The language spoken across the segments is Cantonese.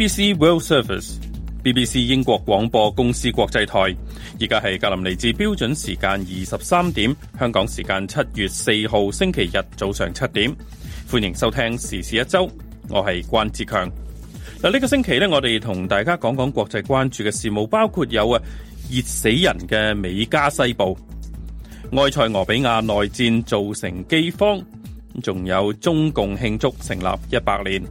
BBC World Service，BBC 英國廣播公司國際台。而家係格林尼治標準時間二十三點，香港時間七月四號星期日早上七點。歡迎收聽時事一周，我係關志強。嗱，呢個星期咧，我哋同大家講講國際關注嘅事務，包括有啊熱死人嘅美加西部、埃塞俄比亞內戰造成饑荒，仲有中共慶祝成立一百年。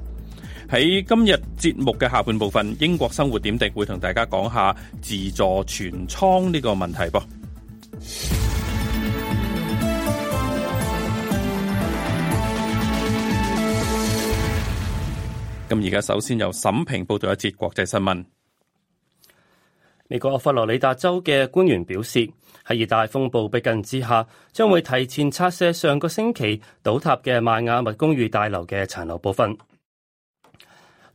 喺今日節目嘅下半部分，英國生活點滴會同大家講下自助存倉呢個問題噃。咁而家首先由沈平報道一節國際新聞。美國佛羅里達州嘅官員表示，喺熱帶風暴逼近之下，將會提前拆卸上個星期倒塌嘅邁阿密公寓大樓嘅殘留部分。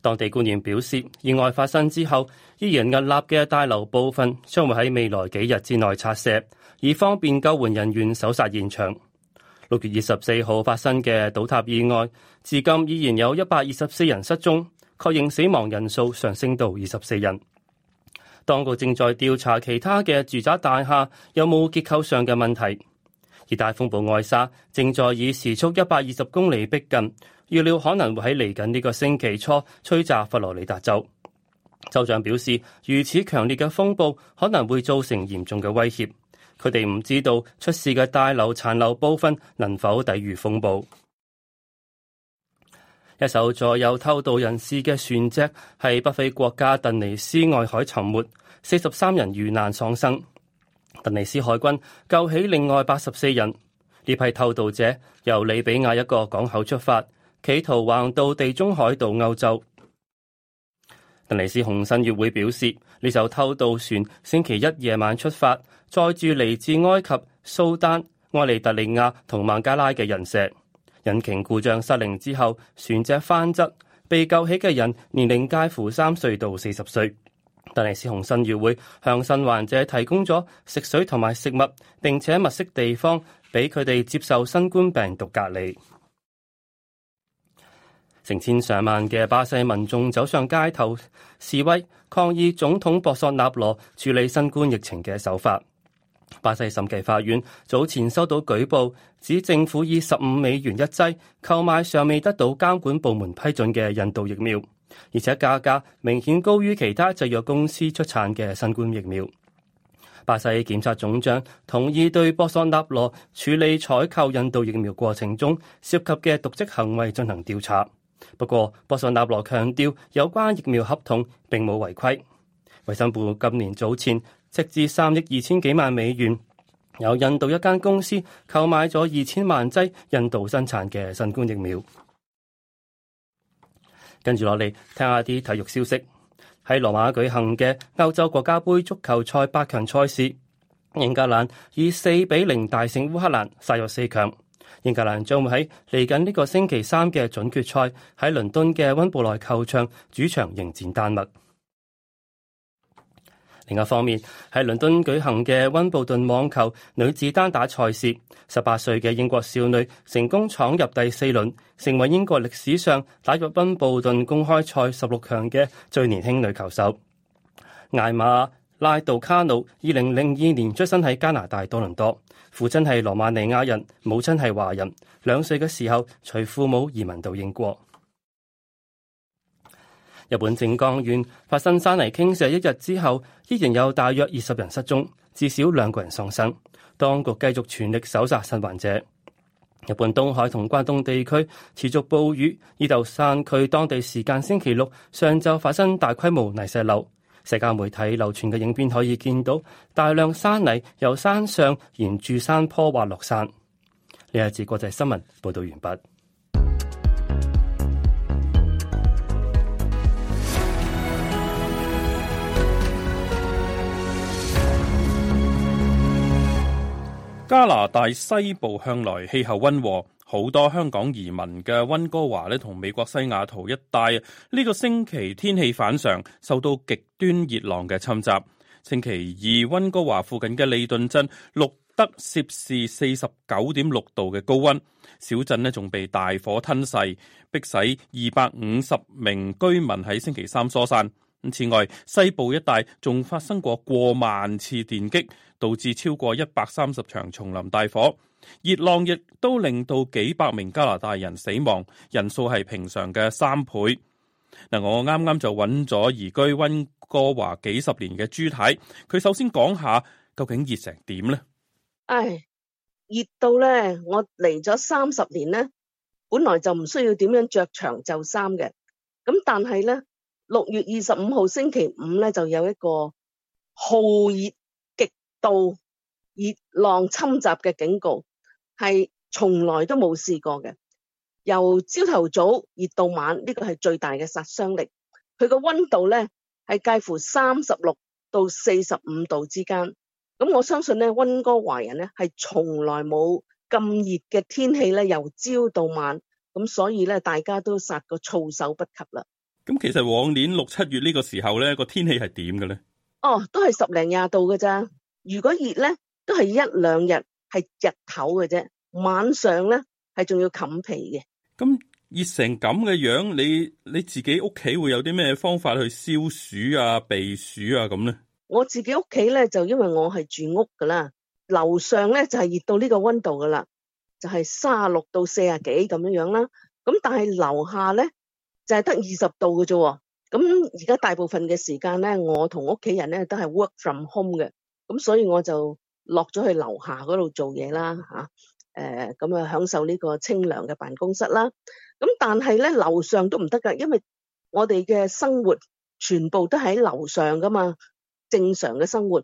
當地官員表示，意外發生之後，依然屹立嘅大樓部分將會喺未來幾日之內拆卸，以方便救援人員搜索現場。六月二十四號發生嘅倒塌意外，至今依然有一百二十四人失蹤，確認死亡人數上升到二十四人。當局正在調查其他嘅住宅大廈有冇結構上嘅問題。而大風暴艾莎正在以時速一百二十公里逼近，預料可能會喺嚟緊呢個星期初吹襲佛羅里達州。州長表示，如此強烈嘅風暴可能會造成嚴重嘅威脅。佢哋唔知道出事嘅大樓殘留部分能否抵御風暴。一艘載有偷渡人士嘅船隻喺北非國家突尼斯外海沉沒，四十三人遇難喪生。突尼斯海軍救起另外八十四人，呢批偷渡者由利比亞一個港口出發，企圖橫渡地中海到歐洲。突尼斯紅新月會表示，呢艘偷渡船星期一夜晚出發，載住嚟自埃及、蘇丹、埃利特利亞同孟加拉嘅人蛇，引擎故障失靈之後，船隻翻側，被救起嘅人年齡介乎三歲到四十歲。但尼斯雄腎協會向腎患者提供咗食水同埋食物，並且物色地方俾佢哋接受新冠病毒隔離。成千上萬嘅巴西民眾走上街頭示威，抗議總統博索納羅處理新冠疫情嘅手法。巴西審計法院早前收到舉報，指政府以十五美元一劑購買尚未得到監管部門批准嘅印度疫苗。而且價格明顯高於其他製藥公司出產嘅新冠疫苗。巴西檢察總長同意對波索納羅處理採購印度疫苗過程中涉及嘅瀆職行為進行調查。不過，波索納羅強調有關疫苗合同並冇違規。衞生部今年早前斥資三億二千幾萬美元，由印度一間公司購買咗二千萬劑印度生產嘅新冠疫苗。跟住落嚟，聽下啲體育消息。喺羅馬舉行嘅歐洲國家盃足球賽八強賽事，英格蘭以四比零大勝烏克蘭，殺入四強。英格蘭將會喺嚟緊呢個星期三嘅準決賽，喺倫敦嘅溫布萊球場主場迎戰丹麥。另一方面，喺倫敦舉行嘅溫布頓網球女子單打賽事，十八歲嘅英國少女成功闖入第四輪，成為英國歷史上打入溫布頓公開賽十六強嘅最年輕女球手。艾瑪拉杜卡努二零零二年出生喺加拿大多倫多，父親係羅馬尼亞人，母親係華人，兩歲嘅時候隨父母移民到英國。日本靜岡縣發生山泥傾瀉一日之後，依然有大約二十人失蹤，至少兩個人喪生。當局繼續全力搜查失蹤者。日本東海同關東地區持續暴雨，而就山去當地時間星期六上晝發生大規模泥石流。社交媒體流傳嘅影片可以見到大量山泥由山上沿住山坡滑落山。呢一節國際新聞報道完畢。加拿大西部向來氣候溫和，好多香港移民嘅溫哥華咧，同美國西雅圖一帶，呢個星期天氣反常，受到極端熱浪嘅侵襲。星期二，溫哥華附近嘅利頓鎮錄得攝氏四十九點六度嘅高温，小鎮咧仲被大火吞噬，迫使二百五十名居民喺星期三疏散。此外，西部一帶仲發生過過萬次電擊，導致超過一百三十場叢林大火。熱浪亦都令到幾百名加拿大人死亡，人數係平常嘅三倍。嗱，我啱啱就搵咗移居溫哥華幾十年嘅朱太，佢首先講下究竟熱成點呢？唉、哎，熱到咧，我嚟咗三十年咧，本來就唔需要點樣着長袖衫嘅，咁但係咧。六月二十五號星期五咧，就有一個酷熱極度熱浪侵襲嘅警告，係從來都冇試過嘅。由朝頭早熱到晚，呢個係最大嘅殺傷力。佢個溫度咧係介乎三十六到四十五度之間。咁我相信咧，溫哥華人咧係從來冇咁熱嘅天氣咧，由朝到晚，咁所以咧，大家都殺個措手不及啦。咁其實往年六七月呢個時候咧，個天氣係點嘅咧？哦，都係十零廿度嘅咋。如果熱咧，都係一兩日係日頭嘅啫。晚上咧係仲要冚被嘅。咁熱成咁嘅樣，你你自己屋企會有啲咩方法去消暑啊、避暑啊咁咧？我自己屋企咧就因為我係住屋噶啦，樓上咧就係熱到呢個溫度噶啦，就係卅六到四十幾咁樣樣啦，咁但係樓下咧。就係得二十度嘅啫。咁而家大部分嘅時間咧，我同屋企人咧都係 work from home 嘅，咁所以我就落咗去樓下嗰度做嘢啦，吓、啊，誒咁啊享受呢個清涼嘅辦公室啦，咁但係咧樓上都唔得噶，因為我哋嘅生活全部都喺樓上噶嘛，正常嘅生活，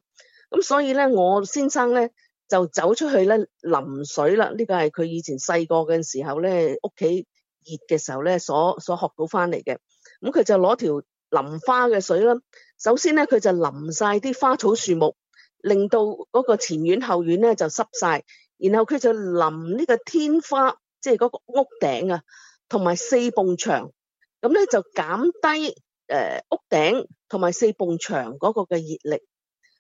咁所以咧我先生咧就走出去咧淋水啦，呢個係佢以前細個嘅時候咧屋企。熱嘅時候咧，所所學到翻嚟嘅，咁、嗯、佢就攞條淋花嘅水啦。首先咧，佢就淋晒啲花草樹木，令到嗰個前院後院咧就濕晒。然後佢就淋呢個天花，即係嗰個屋頂啊，同埋四埲牆。咁、嗯、咧就減低誒、呃、屋頂同埋四埲牆嗰個嘅熱力。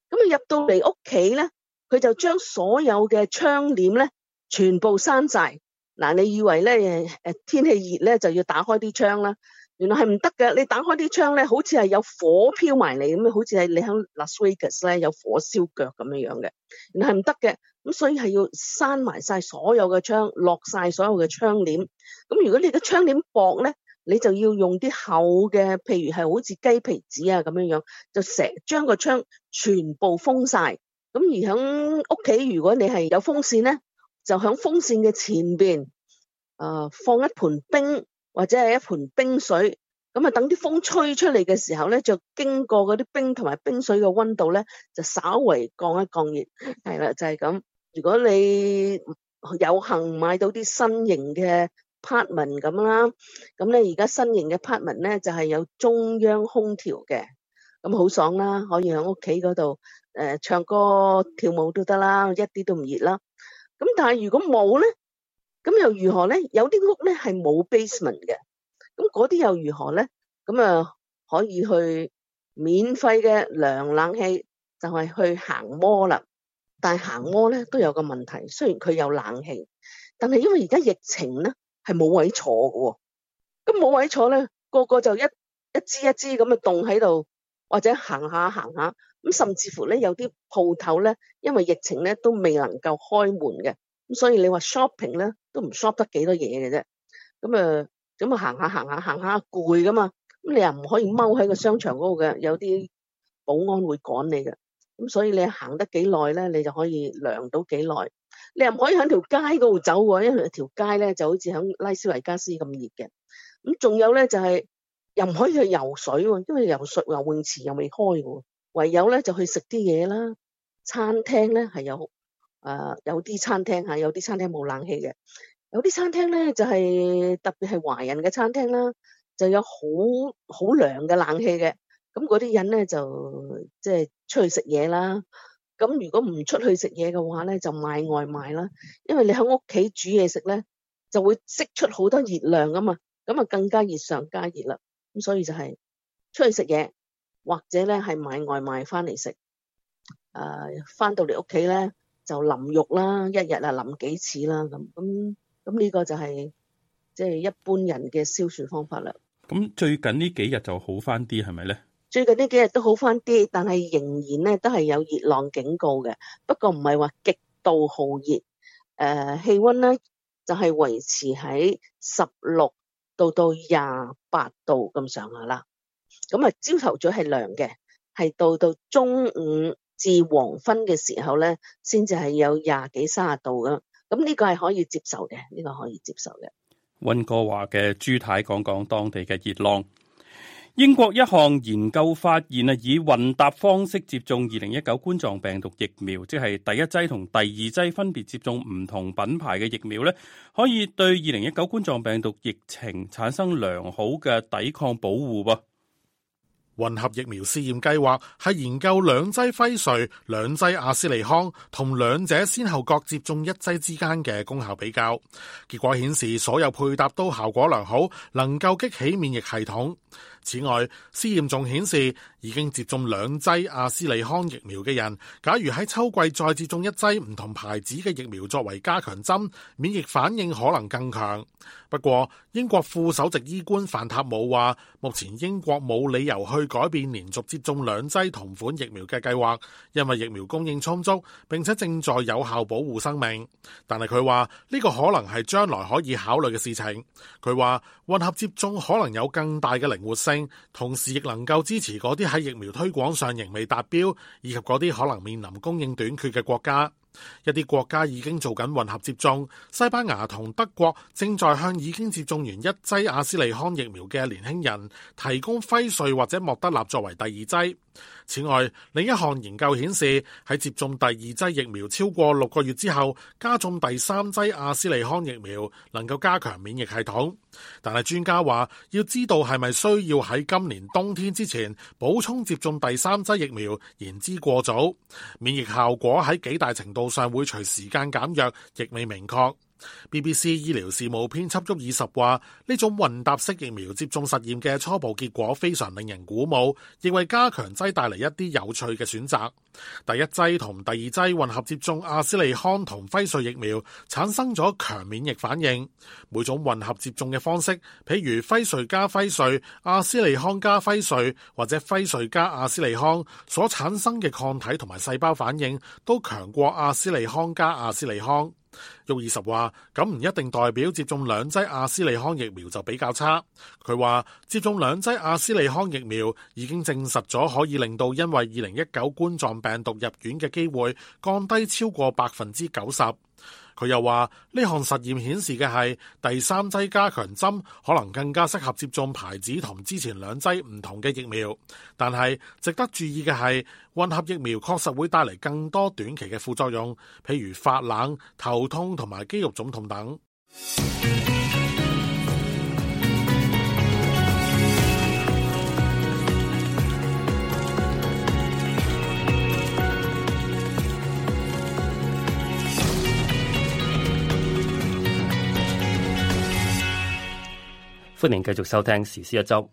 咁入到嚟屋企咧，佢就將所有嘅窗簾咧全部閂晒。嗱、啊，你以為咧誒誒天氣熱咧就要打開啲窗啦，原來係唔得嘅。你打開啲窗咧，好似係有火飄埋嚟咁，好似係你喺拉斯維加斯咧有火燒腳咁樣樣嘅，原來係唔得嘅。咁所以係要閂埋晒所有嘅窗，落晒所有嘅窗簾。咁如果你嘅窗簾薄咧，你就要用啲厚嘅，譬如係好似雞皮紙啊咁樣樣，就成將個窗全部封晒。咁而喺屋企，如果你係有風扇咧，就響風扇嘅前邊，誒、呃、放一盤冰或者係一盤冰水，咁啊等啲風吹出嚟嘅時候咧，就經過嗰啲冰同埋冰水嘅溫度咧，就稍微降一降熱，係啦就係、是、咁。如果你有幸買到啲新型嘅 apartment 咁啦，咁咧而家新型嘅 apartment 咧就係、是、有中央空調嘅，咁好爽啦，可以響屋企嗰度誒唱歌跳舞都得啦，一啲都唔熱啦。咁但係如果冇咧，咁又如何咧？有啲屋咧係冇 basement 嘅，咁嗰啲又如何咧？咁啊可以去免費嘅涼冷氣，就係、是、去行摩啦。但係行摩咧都有個問題，雖然佢有冷氣，但係因為而家疫情咧係冇位坐嘅喎，咁冇位坐咧，個個就一一支一支咁啊凍喺度，或者行下行下。咁甚至乎咧，有啲鋪頭咧，因為疫情咧都未能夠開門嘅，咁所以你話 shopping 咧都唔 shop 得幾多嘢嘅啫。咁誒，咁啊行下行下行下攰噶嘛，咁你又唔可以踎喺個商場嗰度嘅，有啲保安會趕你嘅。咁所以你行得幾耐咧，你就可以涼到幾耐。你又唔可以喺條街嗰度走喎，因為條街咧就好似喺拉斯維加斯咁熱嘅。咁仲有咧就係又唔可以去游水，因為游水游泳池又未開嘅。唯有咧就去食啲嘢啦，餐廳咧係有，啊、呃、有啲餐廳嚇有啲餐廳冇冷氣嘅，有啲餐廳咧就係、是、特別係華人嘅餐廳啦，就有好好涼嘅冷氣嘅，咁嗰啲人咧就即係、就是、出去食嘢啦，咁如果唔出去食嘢嘅話咧就買外賣啦，因為你喺屋企煮嘢食咧就會釋出好多熱量㗎嘛，咁啊更加熱上加熱啦，咁所以就係出去食嘢。或者咧係買外賣翻嚟食，誒、呃，翻到你屋企咧就淋浴啦，一日啊淋幾次啦咁咁咁呢個就係即係一般人嘅消暑方法啦。咁最近呢幾日就好翻啲係咪咧？是是呢最近呢幾日都好翻啲，但係仍然咧都係有熱浪警告嘅，不過唔係話極度酷熱，誒、呃，氣温咧就係、是、維持喺十六度到廿八度咁上下啦。咁啊，朝頭早係涼嘅，係到到中午至黃昏嘅時候咧，先至係有廿幾、卅度噶。咁呢個係可以接受嘅，呢個可以接受嘅。溫哥華嘅朱太講講當地嘅熱浪。英國一項研究發現啊，以混搭方式接種二零一九冠狀病毒疫苗，即係第一劑同第二劑分別接種唔同品牌嘅疫苗咧，可以對二零一九冠狀病毒疫情產生良好嘅抵抗保護噃。混合疫苗試驗計劃係研究兩劑輝瑞、兩劑阿斯利康同兩者先後各接種一劑之間嘅功效比較。結果顯示，所有配搭都效果良好，能夠激起免疫系統。此外，試驗仲顯示，已經接種兩劑阿斯利康疫苗嘅人，假如喺秋季再接種一劑唔同牌子嘅疫苗作為加強針，免疫反應可能更強。不過，英國副首席醫官范塔姆話，目前英國冇理由去改變連續接種兩劑同款疫苗嘅計劃，因為疫苗供應充足，並且正在有效保護生命。但係佢話，呢個可能係將來可以考慮嘅事情。佢話，混合接種可能有更大嘅靈活性。同時亦能夠支持嗰啲喺疫苗推廣上仍未達標，以及嗰啲可能面臨供應短缺嘅國家。一啲國家已經做緊混合接種，西班牙同德國正在向已經接種完一劑阿斯利康疫苗嘅年輕人提供輝瑞或者莫德納作為第二劑。此外，另一項研究顯示，喺接種第二劑疫苗超過六個月之後，加種第三劑阿斯利康疫苗能夠加強免疫系統。但係專家話，要知道係咪需要喺今年冬天之前補充接種第三劑疫苗，言之過早。免疫效果喺幾大程度上會隨時間減弱，亦未明確。BBC 醫療事務編輯沃爾什話：呢種混搭式疫苗接種實驗嘅初步結果非常令人鼓舞，亦為加強劑帶嚟一啲有趣嘅選擇。第一劑同第二劑混合接種阿斯利康同輝瑞疫苗，產生咗強免疫反應。每種混合接種嘅方式，譬如輝瑞加輝瑞、阿斯利康加輝瑞，或者輝瑞加阿，阿斯利康，所產生嘅抗體同埋細胞反應都強過阿斯利康加阿斯利康。沃爾什話：咁唔一定代表接種兩劑阿斯利康疫苗就比較差。佢話接種兩劑阿斯利康疫苗已經證實咗可以令到因為二零一九冠狀病毒入院嘅機會降低超過百分之九十。佢又話：呢項實驗顯示嘅係第三劑加強針可能更加適合接種牌子同之前兩劑唔同嘅疫苗，但係值得注意嘅係，混合疫苗確實會帶嚟更多短期嘅副作用，譬如發冷、頭痛同埋肌肉腫痛等。歡迎繼續收聽時事一周。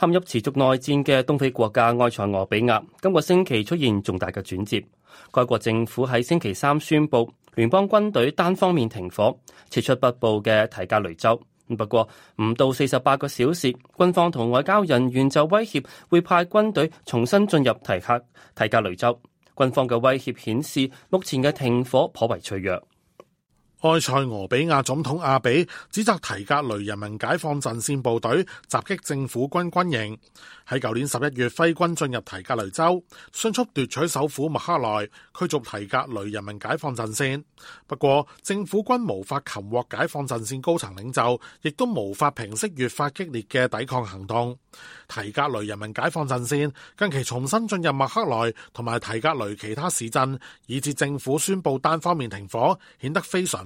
陷入持續內戰嘅東非國家埃塞俄比亞，今個星期出現重大嘅轉折。該國政府喺星期三宣布聯邦軍隊單方面停火，撤出北部嘅提格雷州。不過唔到四十八個小時，軍方同外交人員就威脅會派軍隊重新進入提克提格雷州。軍方嘅威脅顯示，目前嘅停火頗為脆弱。埃塞俄比亞總統阿比指責提格雷人民解放陣線部隊襲擊政府軍軍營，喺舊年十一月揮軍進入提格雷州，迅速奪取首府麥克萊，驅逐提格雷人民解放陣線。不過政府軍無法擒獲解放陣線高層領袖，亦都無法平息越發激烈嘅抵抗行動。提格雷人民解放陣線近期重新進入麥克萊同埋提格雷其他市鎮，以致政府宣布單方面停火，顯得非常。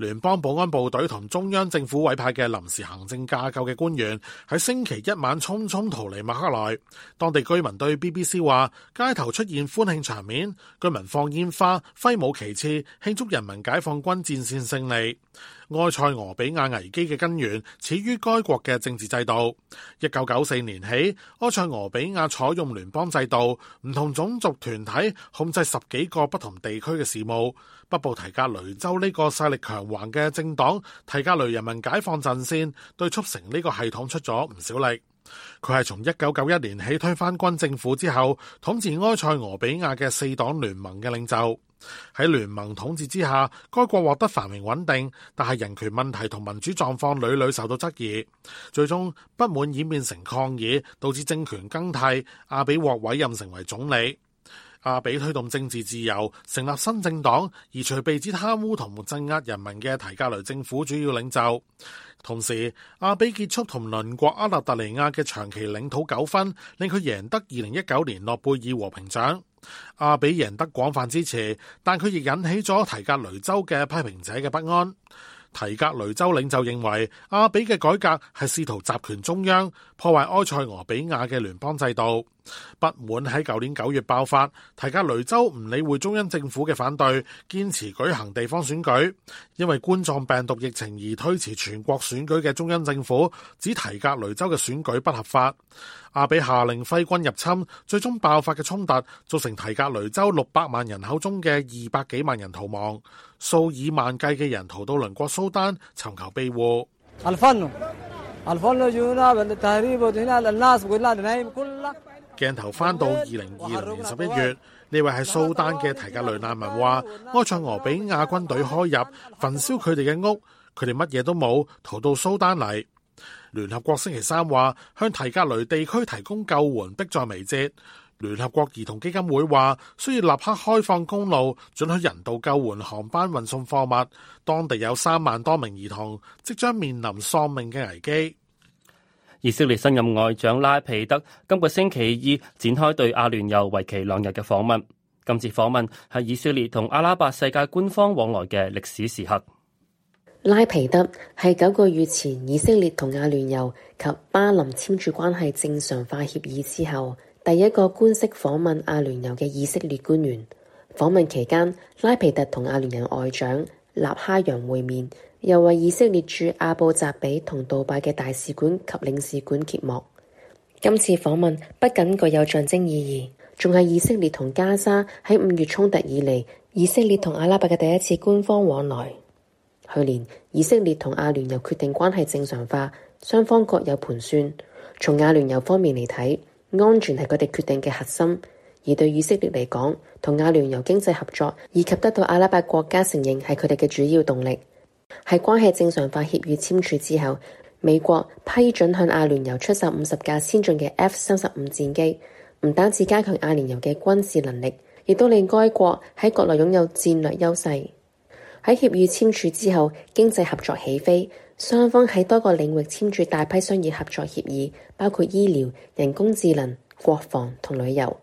聯邦保安部隊同中央政府委派嘅臨時行政架構嘅官員喺星期一晚匆匆逃離麥克萊。當地居民對 BBC 話：街頭出現歡慶場面，居民放煙花、揮舞旗幟，慶祝人民解放軍戰線勝利。埃塞俄比亞危機嘅根源始於該國嘅政治制度。一九九四年起，埃塞俄比亞採用聯邦制度，唔同種族團體控制十幾個不同地區嘅事務。北部提格雷州呢個勢力強橫嘅政黨，提加雷人民解放陣線，對促成呢個系統出咗唔少力。佢係從一九九一年起推翻軍政府之後，統治埃塞俄比亞嘅四黨聯盟嘅領袖。喺聯盟統治之下，該國獲得繁榮穩定，但係人權問題同民主狀況屢屢受到質疑。最終不滿演變成抗議，導致政權更替，阿比獲委任成為總理。阿比推動政治自由，成立新政黨，而除被指貪污同鎮壓人民嘅提格雷政府主要領袖。同時，阿比結束同鄰國厄立特里亞嘅長期領土糾紛，令佢贏得二零一九年諾貝爾和平獎。阿比贏得廣泛支持，但佢亦引起咗提格雷州嘅批評者嘅不安。提格雷州領袖認為阿比嘅改革係試圖集權中央，破壞埃塞俄比亞嘅聯邦制度。不滿喺舊年九月爆發，提格雷州唔理會中央政府嘅反對，堅持舉行地方選舉。因為冠狀病毒疫情而推遲全國選舉嘅中央政府，指提格雷州嘅選舉不合法。阿比下令揮軍入侵，最終爆發嘅衝突造成提格雷州六百萬人口中嘅二百幾萬人逃亡。數以萬計嘅人逃到鄰國蘇丹尋求庇護。鏡頭翻到二零二零年十一月，呢位喺蘇丹嘅提格雷難民話：埃塞俄比亞軍隊開入，焚燒佢哋嘅屋，佢哋乜嘢都冇，逃到蘇丹嚟。聯合國星期三話，向提格雷地區提供救援迫在眉睫。聯合國兒童基金會話，需要立刻開放公路，准許人道救援航班運送貨物。當地有三萬多名兒童即將面臨喪命嘅危機。以色列新任外長拉皮德今個星期二展開對阿聯酋為期兩日嘅訪問。今次訪問係以色列同阿拉伯世界官方往來嘅歷史時刻。拉皮德係九個月前以色列同阿聯酋及巴林簽署關係正常化協議之後，第一個官式訪問阿聯酋嘅以色列官員。訪問期間，拉皮特同阿聯酋外長納哈揚會面，又為以色列駐阿布扎比同杜拜嘅大使館及領事館揭幕。今次訪問不僅具有象徵意義，仲係以色列同加沙喺五月衝突以嚟，以色列同阿拉伯嘅第一次官方往來。去年以色列同阿聯酋決定關係正常化，雙方各有盤算。從阿聯酋方面嚟睇，安全係佢哋決定嘅核心，而對以色列嚟講，同阿聯酋經濟合作以及得到阿拉伯國家承認係佢哋嘅主要動力。喺關係正常化協議簽署之後，美國批准向阿聯酋出售五十架先進嘅 F 三十五戰機，唔單止加強阿聯酋嘅軍事能力，亦都令該國喺國內擁有戰略優勢。喺協議簽署之後，經濟合作起飛。雙方喺多個領域簽署大批商業合作協議，包括醫療、人工智能、國防同旅遊。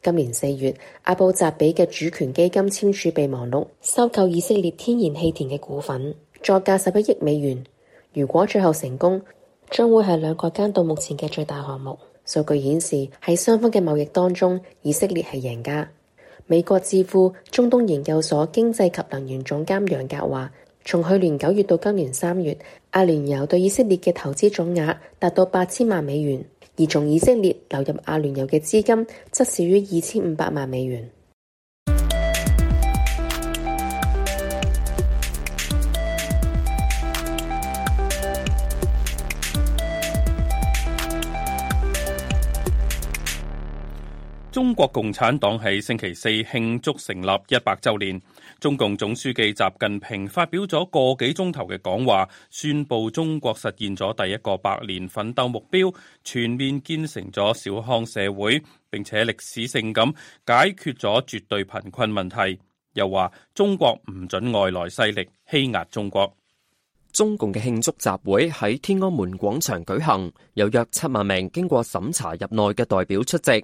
今年四月，阿布扎比嘅主權基金簽署備忘錄，收購以色列天然氣田嘅股份，作價十一億美元。如果最後成功，將會係兩國間到目前嘅最大項目。數據顯示，喺雙方嘅貿易當中，以色列係贏家。美國智庫中東研究所經濟及能源總監楊格話。從去年九月到今年三月，阿聯酋對以色列嘅投資總額達到八千萬美元，而從以色列流入阿聯酋嘅資金則少於二千五百萬美元。中國共產黨喺星期四慶祝成立一百周年。中共總書記習近平發表咗個幾鐘頭嘅講話，宣布中國實現咗第一個百年奮鬥目標，全面建成咗小康社會，並且歷史性咁解決咗絕對貧困問題。又話中國唔准外來勢力欺壓中國。中共嘅慶祝集會喺天安門廣場舉行，有約七萬名經過審查入內嘅代表出席。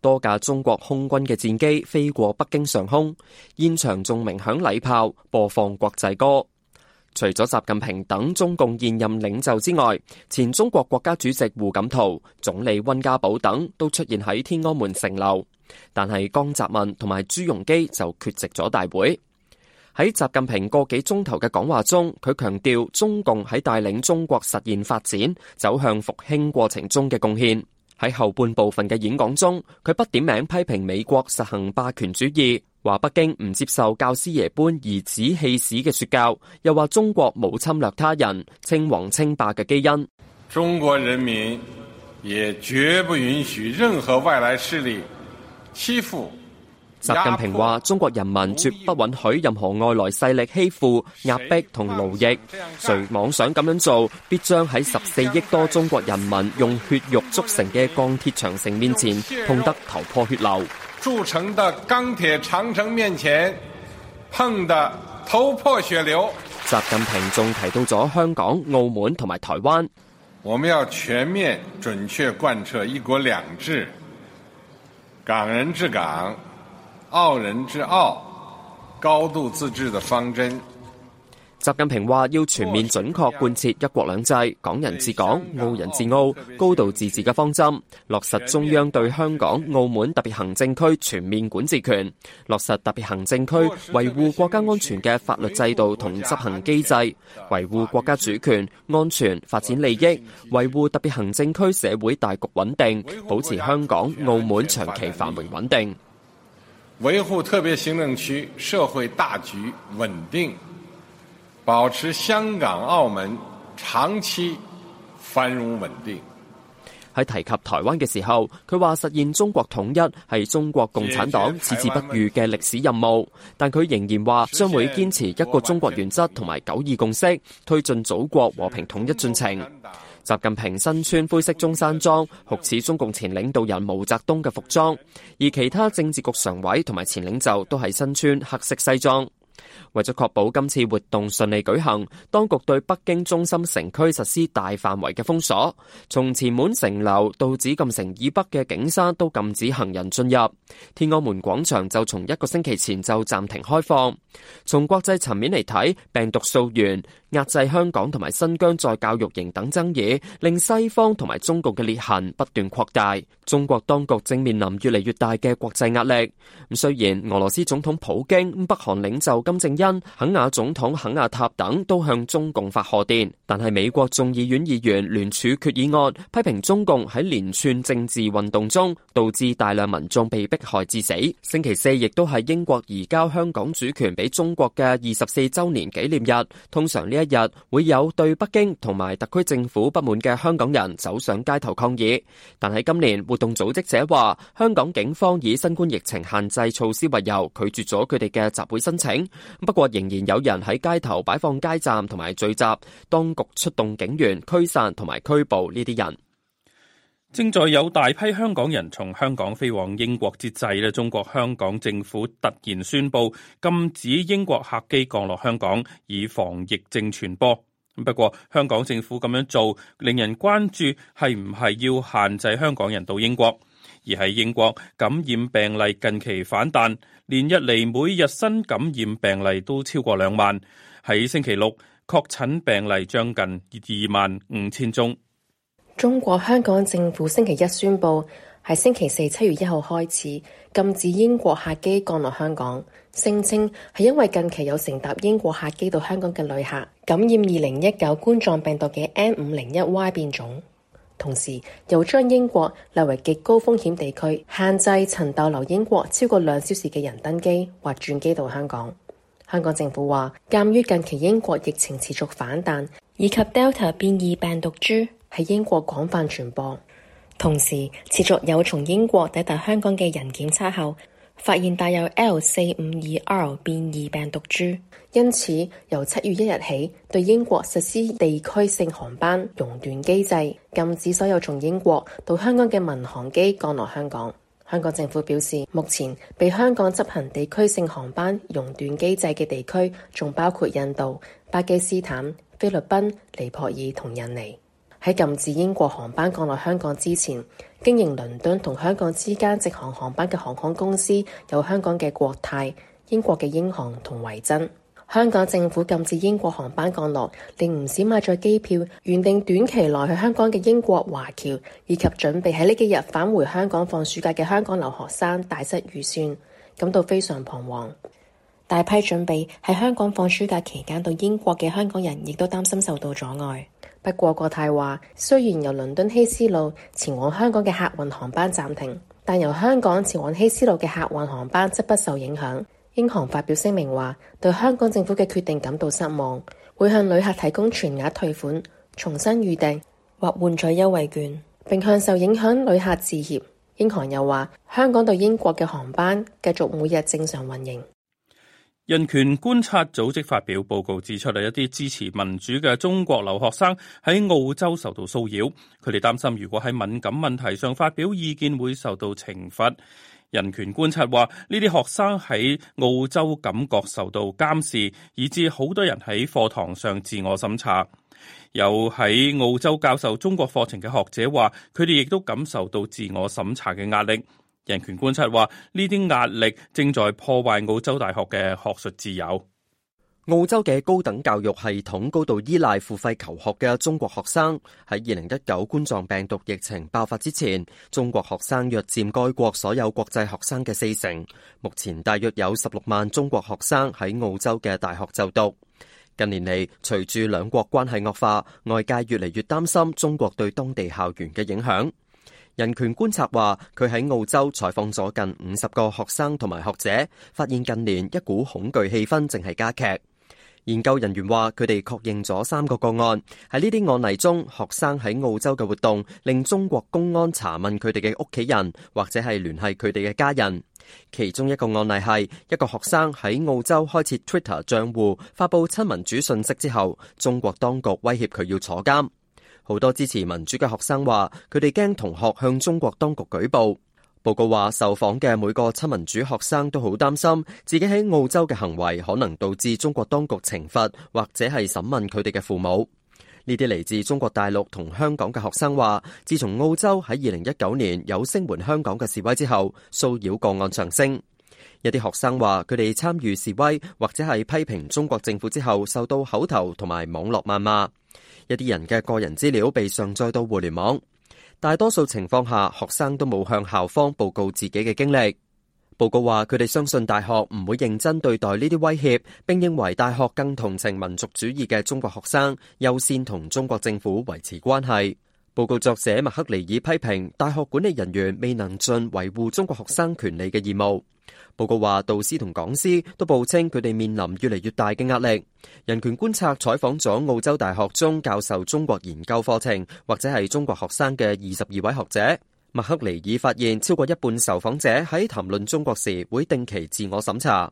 多架中國空軍嘅戰機飛過北京上空，現場仲鳴響禮炮，播放國際歌。除咗習近平等中共現任領袖之外，前中國國家主席胡錦濤、總理溫家寶等都出現喺天安門城樓。但係江澤民同埋朱鎔基就缺席咗大會。喺習近平個幾鐘頭嘅講話中，佢強調中共喺帶領中國實現發展、走向復興過程中嘅貢獻。喺後半部分嘅演講中，佢不點名批評美國實行霸權主義，話北京唔接受教師爺般頤指氣使嘅說教，又話中國冇侵略他人稱王稱霸嘅基因。中國人民也絕不允許任何外來勢力欺負。習近平話：中國人民絕不允許任何外來勢力欺負、壓迫同奴役。誰妄想咁樣做，必將喺十四億多中國人民用血肉築成嘅鋼鐵長城面前，碰得頭破血流。築成的鋼鐵長城面前，碰得頭破血流。習近平仲提到咗香港、澳門同埋台灣。我們要全面準確貫徹一國兩制，港人治港。澳人治澳，高度自治嘅方針。習近平話要全面準確貫徹一國兩制、港人治港、澳人治澳、高度自治嘅方針，落實中央對香港、澳門特別行政區全面管治權，落實特別行政區維護國家安全嘅法律制度同執行機制，維護國家主權、安全、發展利益，維護特別行政區社會大局穩定，保持香港、澳門長期繁榮穩定。維護特別行政區社會大局穩定，保持香港、澳門長期繁榮穩定。喺提及台灣嘅時候，佢話實現中國統一係中國共產黨矢志不渝嘅歷史任務，但佢仍然話將會堅持一個中國原則同埋九二共識，推進祖國和平統一進程。習近平身穿灰色中山裝，酷似中共前領導人毛澤東嘅服裝；而其他政治局常委同埋前領袖都係身穿黑色西裝。為咗確保今次活動順利舉行，當局對北京中心城區實施大範圍嘅封鎖，從前門城樓到紫禁城以北嘅景山都禁止行人進入，天安門廣場就從一個星期前就暫停開放。從國際層面嚟睇，病毒溯源。壓制香港同埋新疆再教育營等爭議，令西方同埋中共嘅裂痕不斷擴大。中國當局正面臨越嚟越大嘅國際壓力。咁雖然俄羅斯總統普京、北韓領袖金正恩、肯雅總統肯雅塔等都向中共發賀電，但係美國眾議院議員聯署決議案批評中共喺連串政治運動中導致大量民眾被迫害致死。星期四亦都係英國移交香港主權俾中國嘅二十四周年紀念日。通常呢一一日會有對北京同埋特區政府不滿嘅香港人走上街頭抗議，但喺今年活動組織者話，香港警方以新冠疫情限制措施為由，拒絕咗佢哋嘅集會申請。不過仍然有人喺街頭擺放街站同埋聚集，當局出動警員驅散同埋拘捕呢啲人。正在有大批香港人從香港飛往英國之際咧，中國香港政府突然宣佈禁止英國客機降落香港，以防疫症傳播。不過，香港政府咁樣做令人關注係唔係要限制香港人到英國，而喺英國感染病例近期反彈，連日嚟每日新感染病例都超過兩萬，喺星期六確診病例將近二萬五千宗。中國香港政府星期一宣佈，喺星期四七月一號開始禁止英國客機降落香港，聲稱係因為近期有乘搭英國客機到香港嘅旅客感染二零一九冠狀病毒嘅 N 五零一 Y 變種，同時又將英國列為極高風險地區，限制曾逗留英國超過兩小時嘅人登機或轉機到香港。香港政府話，鑒於近期英國疫情持續反彈，以及 Delta 變異病毒株，喺英國廣泛傳播，同時持續有從英國抵達香港嘅人檢測後，發現帶有 L 四五二 R 變異病毒株，因此由七月一日起對英國實施地區性航班熔斷機制，禁止所有從英國到香港嘅民航機降落香港。香港政府表示，目前被香港執行地區性航班熔斷機制嘅地區，仲包括印度、巴基斯坦、菲律賓、尼泊爾同印尼。喺禁止英國航班降落香港之前，經營倫敦同香港之間直航航班嘅航空公司有香港嘅國泰、英國嘅英航同維珍。香港政府禁止英國航班降落，令唔少買咗機票、原定短期內去香港嘅英國華僑以及準備喺呢幾日返回香港放暑假嘅香港留學生大失預算，感到非常彷徨。大批準備喺香港放暑假期間到英國嘅香港人，亦都擔心受到阻礙。不過國泰話，雖然由倫敦希斯路前往香港嘅客運航班暫停，但由香港前往希斯路嘅客運航班則不受影響。英航發表聲明話，對香港政府嘅決定感到失望，會向旅客提供全額退款，重新預訂或換取優惠券，並向受影響旅客致歉。英航又話，香港到英國嘅航班繼續每日正常運營。人權觀察組織發表報告指出，係一啲支持民主嘅中國留學生喺澳洲受到騷擾。佢哋擔心，如果喺敏感問題上發表意見，會受到懲罰。人權觀察話，呢啲學生喺澳洲感覺受到監視，以致好多人喺課堂上自我審查。有喺澳洲教授中國課程嘅學者話，佢哋亦都感受到自我審查嘅壓力。人權觀察話：呢啲壓力正在破壞澳洲大學嘅學術自由。澳洲嘅高等教育系統高度依賴付費求學嘅中國學生。喺二零一九冠狀病毒疫情爆發之前，中國學生約佔該國所有國際學生嘅四成。目前大約有十六萬中國學生喺澳洲嘅大學就讀。近年嚟，隨住兩國關係惡化，外界越嚟越擔心中國對當地校園嘅影響。人權觀察話，佢喺澳洲採訪咗近五十個學生同埋學者，發現近年一股恐懼氣氛正係加劇。研究人員話，佢哋確認咗三個個案，喺呢啲案例中，學生喺澳洲嘅活動令中國公安查問佢哋嘅屋企人，或者係聯繫佢哋嘅家人。其中一個案例係一個學生喺澳洲開設 Twitter 賬戶，發佈親民主信息之後，中國當局威脅佢要坐監。好多支持民主嘅學生話，佢哋驚同學向中國當局舉報。報告話，受訪嘅每個親民主學生都好擔心，自己喺澳洲嘅行為可能導致中國當局懲罰或者係審問佢哋嘅父母。呢啲嚟自中國大陸同香港嘅學生話，自從澳洲喺二零一九年有聲援香港嘅示威之後，騷擾個案上升。一啲學生話，佢哋參與示威或者係批評中國政府之後，受到口頭同埋網絡謾罵。一啲人嘅個人資料被上載到互聯網，大多數情況下，學生都冇向校方報告自己嘅經歷。報告話，佢哋相信大學唔會認真對待呢啲威脅，並認為大學更同情民族主義嘅中國學生，優先同中國政府維持關係。報告作者麥克尼爾批評大學管理人員未能盡維護中國學生權利嘅義務。報告話，導師同講師都報稱佢哋面臨越嚟越大嘅壓力。人權觀察採訪咗澳洲大學中教授中國研究課程或者係中國學生嘅二十二位學者，麥克尼爾發現超過一半受訪者喺談論中國時會定期自我審查。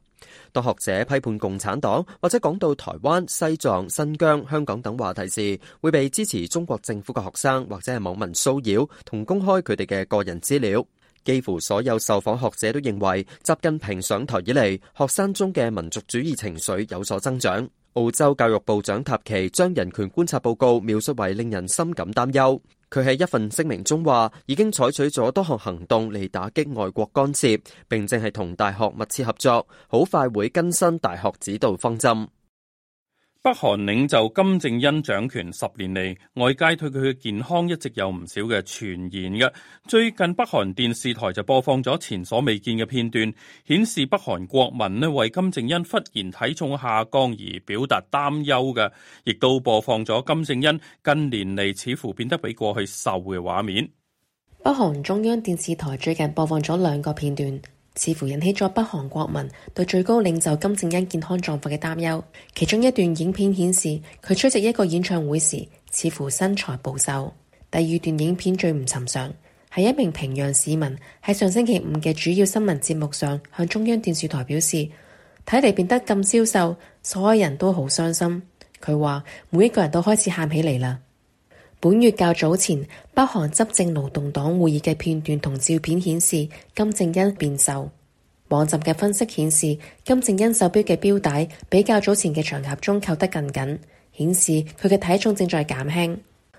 當學者批判共產黨或者講到台灣、西藏、新疆、香港等話題時，會被支持中國政府嘅學生或者係網民騷擾同公開佢哋嘅個人資料。幾乎所有受訪學者都認為，習近平上台以嚟，學生中嘅民族主義情緒有所增長。澳洲教育部長塔奇將人權觀察報告描述為令人深感擔憂。佢喺一份聲明中話，已經採取咗多項行動嚟打擊外國干涉，並正係同大學密切合作，好快會更新大學指導方針。北韓領袖金正恩掌權十年嚟，外界對佢嘅健康一直有唔少嘅傳言嘅。最近北韓電視台就播放咗前所未見嘅片段，顯示北韓國民咧為金正恩忽然體重下降而表達擔憂嘅，亦都播放咗金正恩近年嚟似乎變得比過去瘦嘅畫面。北韓中央電視台最近播放咗兩個片段。似乎引起咗北韓國民對最高領袖金正恩健康狀況嘅擔憂。其中一段影片顯示佢出席一個演唱會時，似乎身材暴瘦。第二段影片最唔尋常，係一名平壤市民喺上星期五嘅主要新聞節目上向中央電視台表示，睇嚟變得咁消瘦，所有人都好傷心。佢話每一個人都開始喊起嚟啦。本月較早前，北韓執政勞動黨會議嘅片段同照片顯示金正恩變瘦。網站嘅分析顯示，金正恩手錶嘅錶帶比較早前嘅場合中扣得更緊，顯示佢嘅體重正在減輕。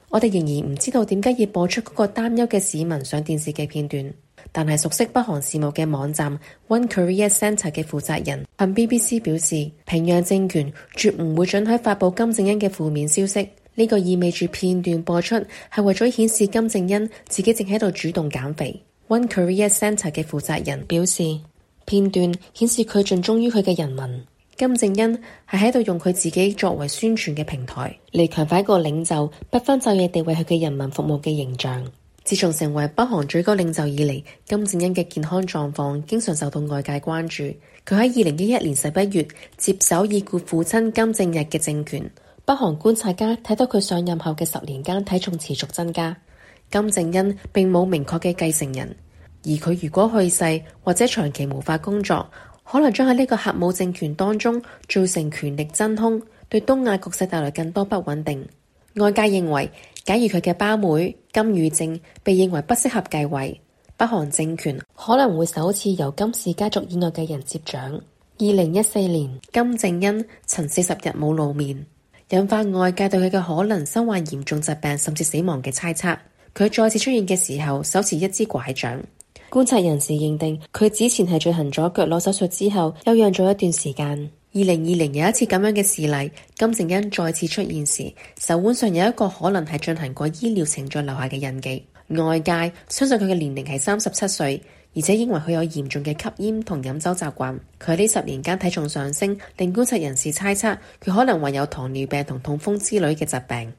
我哋仍然唔知道點解要播出嗰個擔憂嘅市民上電視嘅片段，但係熟悉北韓事務嘅網站 One Korea Centre 嘅負責人向 BBC 表示，平壤政權絕唔會准許發佈金正恩嘅負面消息。呢個意味住片段播出係為咗顯示金正恩自己正喺度主動減肥。One Korea Centre 嘅負責人表示，片段顯示佢盡忠於佢嘅人民。金正恩係喺度用佢自己作為宣傳嘅平台嚟強化一個領袖不分晝夜地為佢嘅人民服務嘅形象。自從成為北韓最高領袖以嚟，金正恩嘅健康狀況經常受到外界關注。佢喺二零一一年十一月接手已故父親金正日嘅政權。北韓觀察家睇到佢上任後嘅十年間體重持續增加。金正恩並冇明確嘅繼承人，而佢如果去世或者長期無法工作，可能將喺呢個核武政權當中造成權力真空，對東亞局勢帶來更多不穩定。外界認為，假如佢嘅胞妹金與正被認為不適合繼位，北韓政權可能會首次由金氏家族以外嘅人接掌。二零一四年，金正恩曾四十日冇露面。引發外界對佢嘅可能身患嚴重疾病甚至死亡嘅猜測。佢再次出現嘅時候，手持一支拐杖。觀察人士認定，佢之前係進行咗腳踝手術之後休養咗一段時間。二零二零有一次咁樣嘅事例，金正恩再次出現時，手腕上有一個可能係進行過醫療程序留下嘅印記。外界相信佢嘅年齡係三十七歲。而且因為佢有嚴重嘅吸煙同飲酒習慣，佢喺呢十年間體重上升，令觀察人士猜測佢可能患有糖尿病同痛風之類嘅疾病。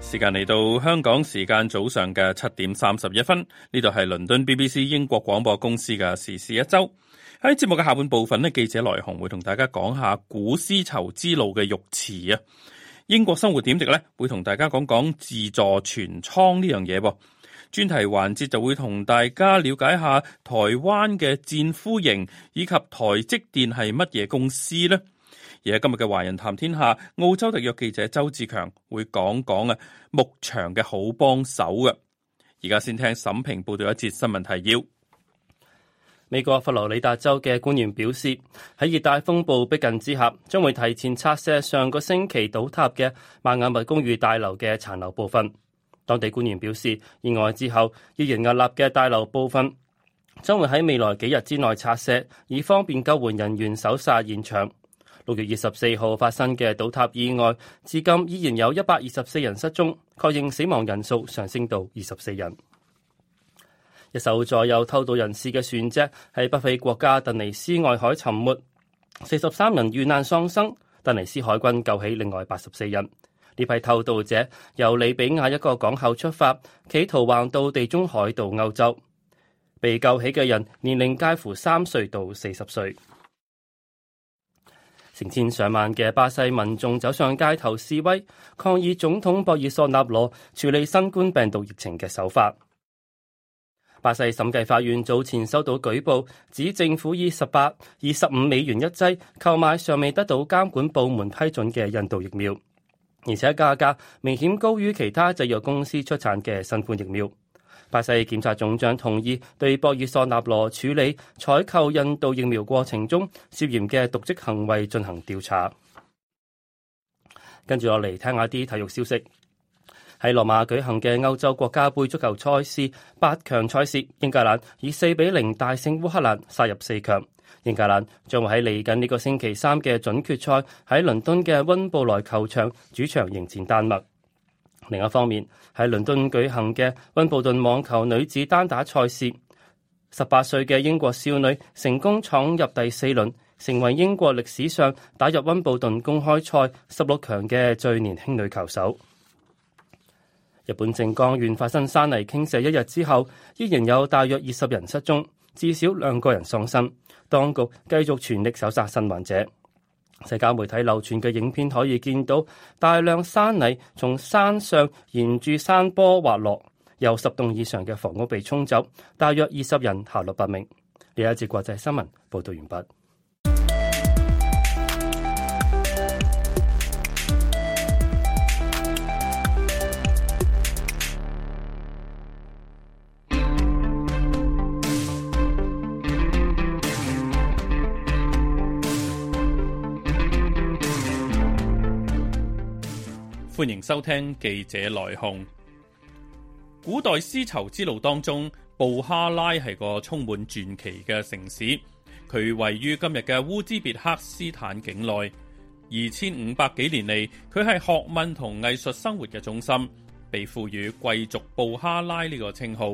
時間嚟到香港時間早上嘅七點三十一分，呢度係倫敦 BBC 英國廣播公司嘅時事一周。喺節目嘅下半部分呢，記者來鴻會同大家講下古絲綢之路嘅浴池。啊。英國生活點滴呢？會同大家講講自助存倉呢樣嘢。專題環節就會同大家了解下台灣嘅戰俘營以及台積電係乜嘢公司呢？而喺今日嘅華人談天下，澳洲特約記者周志強會講講啊牧場嘅好幫手嘅。而家先聽沈平報道一節新聞提要。美國佛羅里達州嘅官員表示，喺熱帶風暴逼近之下，將會提前拆卸上個星期倒塌嘅邁阿密公寓大樓嘅殘留部分。當地官員表示，意外之後，依然屹立嘅大樓部分將會喺未來幾日之內拆卸，以方便救援人員搜查現場。六月二十四號發生嘅倒塌意外，至今依然有一百二十四人失蹤，確認死亡人數上升到二十四人。一艘載有偷渡人士嘅船隻喺北非國家突尼斯外海沉沒，四十三人遇難喪生。突尼斯海軍救起另外八十四人。呢批偷渡者由利比亞一個港口出發，企圖橫渡地中海到歐洲。被救起嘅人年齡介乎三歲到四十歲，成千上萬嘅巴西民眾走上街頭示威，抗議總統博爾索納羅處理新冠病毒疫情嘅手法。巴西審計法院早前收到舉報，指政府以十八、以十五美元一劑購買尚未得到監管部門批准嘅印度疫苗，而且價格明顯高於其他製藥公司出產嘅新冠疫苗。巴西檢察總長同意對博爾索納羅處理採購印度疫苗過程中涉嫌嘅瀆職行為進行調查。跟住我嚟，聽下啲體育消息。喺羅馬舉行嘅歐洲國家盃足球賽事八強賽事，英格蘭以四比零大勝烏克蘭，殺入四強。英格蘭將會喺嚟緊呢個星期三嘅準決賽喺倫敦嘅溫布萊球場主場迎戰丹麥。另一方面，喺倫敦舉行嘅溫布頓網球女子單打賽事，十八歲嘅英國少女成功闖入第四輪，成為英國歷史上打入溫布頓公開賽十六強嘅最年輕女球手。日本靜岡縣發生山泥傾瀉一日之後，依然有大約二十人失蹤，至少兩個人喪生。當局繼續全力搜查倖存者。社交媒體流傳嘅影片可以見到大量山泥從山上沿住山坡滑落，有十棟以上嘅房屋被沖走，大約二十人下落不明。呢一節國際新聞報道完畢。歡迎收聽記者來鴻。古代絲綢之路當中，布哈拉係個充滿傳奇嘅城市，佢位於今日嘅烏茲別克斯坦境內。二千五百幾年嚟，佢係學問同藝術生活嘅中心，被賦予貴族布哈拉呢個稱號。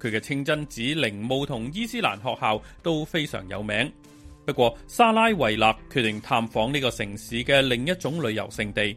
佢嘅清真寺、陵墓同伊斯蘭學校都非常有名。不過，沙拉維納決定探訪呢個城市嘅另一種旅遊勝地。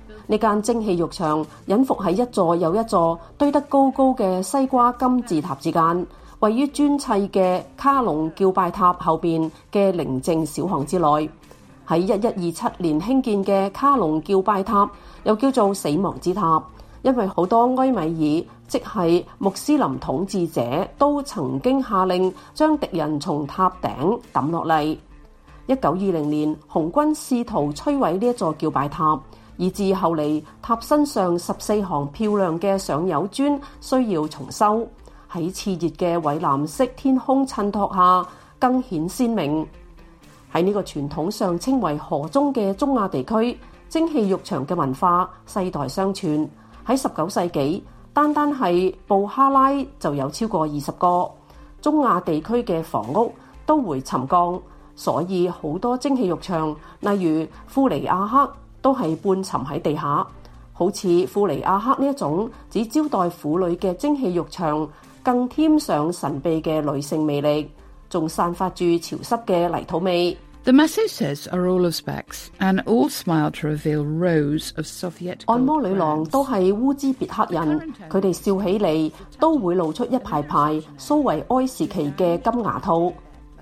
呢間蒸汽浴場隱伏喺一座又一座堆得高高嘅西瓜金字塔之間，位於磚砌嘅卡隆叫拜塔後邊嘅寧靜小巷之內。喺一一二七年興建嘅卡隆叫拜塔，又叫做死亡之塔，因為好多埃米爾，即係穆斯林統治者，都曾經下令將敵人從塔頂抌落嚟。一九二零年，紅軍試圖摧毀呢一座叫拜塔。以至後嚟塔身上十四行漂亮嘅上釉磚需要重修，喺熾熱嘅蔚藍色天空襯托下更顯鮮明。喺呢個傳統上稱為河中嘅中亞地區，蒸汽浴場嘅文化世代相傳。喺十九世紀，單單係布哈拉就有超過二十個中亞地區嘅房屋都會沉降，所以好多蒸汽浴場，例如庫尼亞克。都係半沉喺地下，好似富尼亞克呢一種只招待婦女嘅蒸汽浴場，更添上神秘嘅女性魅力，仲散發住潮濕嘅泥土味。按摩女郎都係烏茲別克人，佢哋 current 笑起嚟都會露出一排排蘇維埃時期嘅金牙套。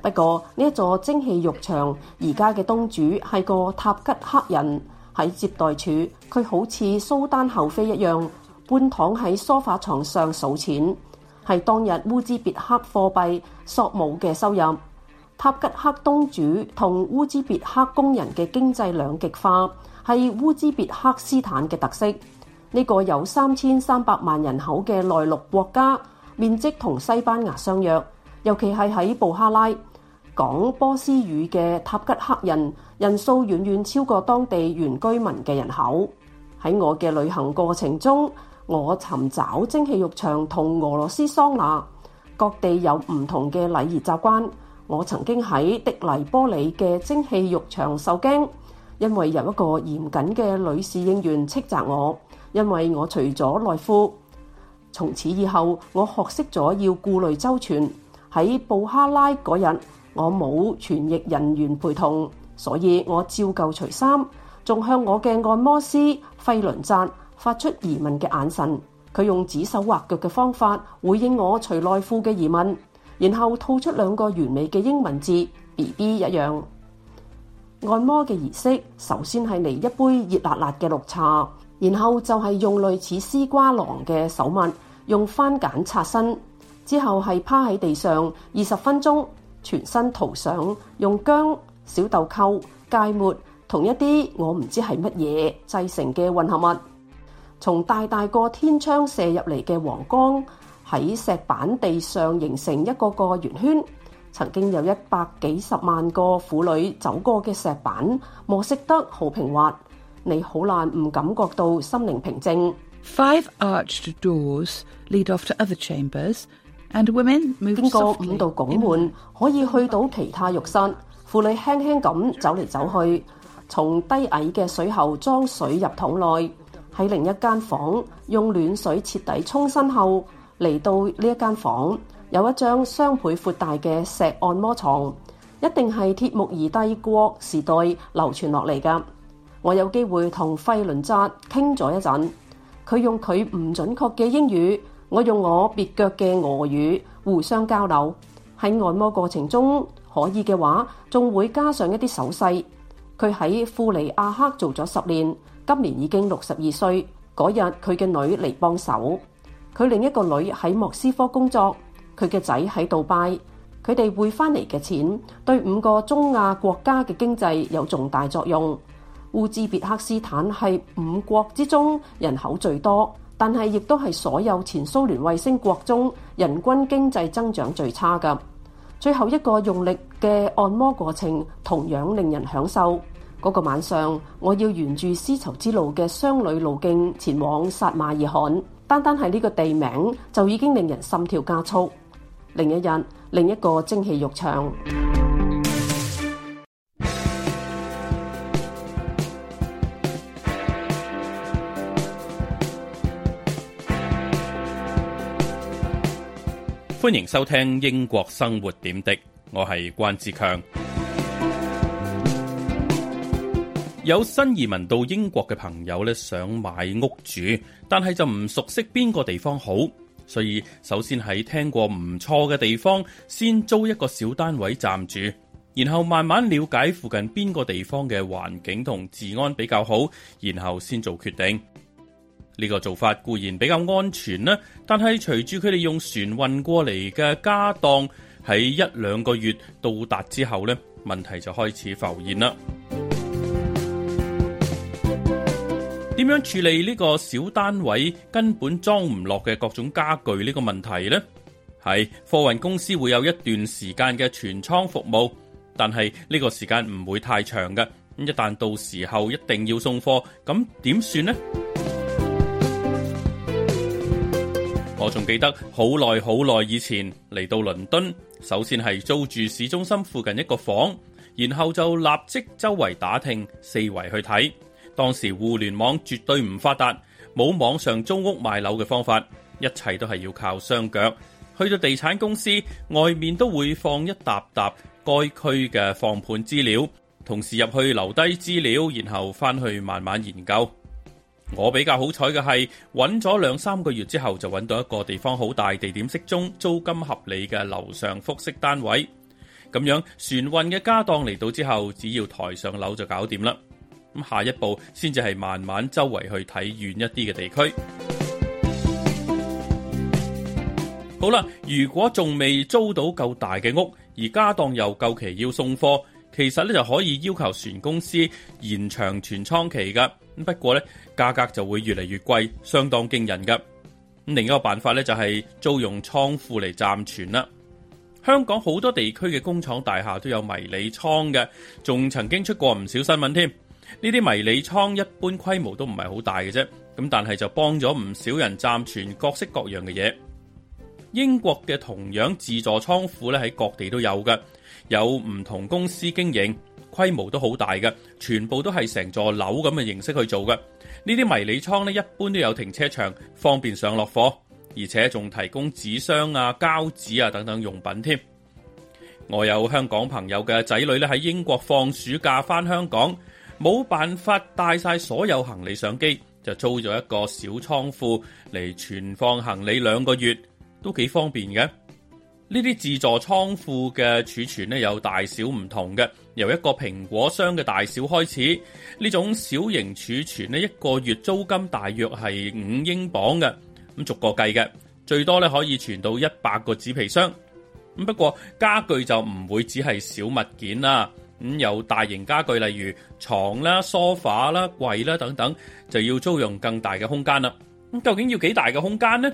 不過呢一座蒸汽浴場而家嘅東主係個塔吉克人。喺接待處，佢好似蘇丹后妃一樣，半躺喺梳化床上數錢，係當日烏茲別克貨幣索姆嘅收入。塔吉克東主同烏茲別克工人嘅經濟兩極化，係烏茲別克斯坦嘅特色。呢、這個有三千三百萬人口嘅內陸國家，面積同西班牙相若，尤其係喺布哈拉。講波斯語嘅塔吉克人人數遠遠超過當地原居民嘅人口。喺我嘅旅行過程中，我尋找蒸汽浴場同俄羅斯桑拿。各地有唔同嘅禮儀習慣。我曾經喺的黎波里嘅蒸汽浴場受驚，因為有一個嚴謹嘅女侍應員斥責我，因為我除咗內褲。從此以後，我學識咗要顧慮周全。喺布哈拉嗰日。我冇傳譯人員陪同，所以我照舊除衫，仲向我嘅按摩師費倫扎發出疑問嘅眼神。佢用指手畫腳嘅方法回應我除內褲嘅疑問，然後吐出兩個完美嘅英文字 BB 一樣。按摩嘅儀式首先係嚟一杯熱辣辣嘅綠茶，然後就係用類似絲瓜囊嘅手握用番梘擦身，之後係趴喺地上二十分鐘。全身塗上用薑、小豆蔻、芥末同一啲我唔知係乜嘢製成嘅混合物。從大大個天窗射入嚟嘅黃光喺石板地上形成一個個圓圈。曾經有一百幾十萬個婦女走過嘅石板磨蝕得好平滑，你好難唔感覺到心靈平靜。Five arched doors lead off to other chambers. 經過五道拱門，in 可以去到其他浴室。婦女輕輕咁走嚟走去，從低矮嘅水喉裝水入桶內。喺另一間房用暖水徹底沖身後，嚟到呢一間房，有一張雙倍闊大嘅石按摩床，一定係鐵木兒帝國時代流傳落嚟㗎。我有機會同費倫扎傾咗一陣，佢用佢唔準確嘅英語，我用我蹩腳嘅俄語互相交流，喺按摩過程中可以嘅話仲會加上一啲手勢。佢喺庫利亞克做咗十年，今年已經六十二歲。嗰日佢嘅女嚟幫手，佢另一個女喺莫斯科工作，佢嘅仔喺杜拜。佢哋匯翻嚟嘅錢對五個中亞國家嘅經濟有重大作用。烏茲別克斯坦係五國之中人口最多。但係，亦都係所有前蘇聯衛星國中人均經濟增長最差嘅。最後一個用力嘅按摩過程，同樣令人享受。嗰個晚上，我要沿住絲綢之路嘅商旅路徑前往撒馬爾罕。單單係呢個地名，就已經令人心跳加速。另一日，另一個蒸汽浴場。歡迎收聽英國生活點滴。我係關志強。有新移民到英國嘅朋友咧，想買屋住，但係就唔熟悉邊個地方好，所以首先喺聽過唔錯嘅地方，先租一個小單位暫住，然後慢慢了解附近邊個地方嘅環境同治安比較好，然後先做決定。呢個做法固然比較安全啦，但係隨住佢哋用船運過嚟嘅家當喺一兩個月到達之後咧，問題就開始浮現啦。點 樣處理呢個小單位根本裝唔落嘅各種家具呢個問題咧？係貨運公司會有一段時間嘅存倉服務，但係呢個時間唔會太長嘅。咁一旦到時候一定要送貨，咁點算呢？我仲記得好耐好耐以前嚟到倫敦，首先係租住市中心附近一個房，然後就立即周圍打聽，四圍去睇。當時互聯網絕對唔發達，冇網上租屋賣樓嘅方法，一切都係要靠雙腳。去到地產公司，外面都會放一沓沓該區嘅放盤資料，同時入去留低資料，然後返去慢慢研究。我比較好彩嘅係，揾咗兩三個月之後就揾到一個地方好大、地點適中、租金合理嘅樓上複式單位。咁樣船運嘅家當嚟到之後，只要抬上樓就搞掂啦。咁下一步先至係慢慢周圍去睇遠一啲嘅地區。好啦，如果仲未租到夠大嘅屋，而家當又夠期要送貨。其實咧，就可以要求船公司延長存倉期噶，不過咧，價格就會越嚟越貴，相當驚人噶。咁另一個辦法咧，就係租用倉庫嚟暫存啦。香港好多地區嘅工廠大廈都有迷你倉嘅，仲曾經出過唔少新聞添。呢啲迷你倉一般規模都唔係好大嘅啫，咁但係就幫咗唔少人暫存各式各樣嘅嘢。英國嘅同樣自助倉庫咧，喺各地都有噶。有唔同公司經營，規模都好大嘅，全部都係成座樓咁嘅形式去做嘅。呢啲迷你倉呢，一般都有停車場，方便上落貨，而且仲提供紙箱啊、膠紙啊等等用品添。我有香港朋友嘅仔女咧喺英國放暑假返香港，冇辦法帶晒所有行李上機，就租咗一個小倉庫嚟存放行李兩個月，都幾方便嘅。呢啲自助倉庫嘅儲存咧有大小唔同嘅，由一個蘋果箱嘅大小開始。呢種小型儲存咧，一個月租金大約係五英鎊嘅，咁逐個計嘅。最多咧可以存到一百個紙皮箱。咁不過家具就唔會只係小物件啦，咁有大型家具，例如床啦、梳化啦、櫃啦等等，就要租用更大嘅空間啦。咁究竟要幾大嘅空間呢？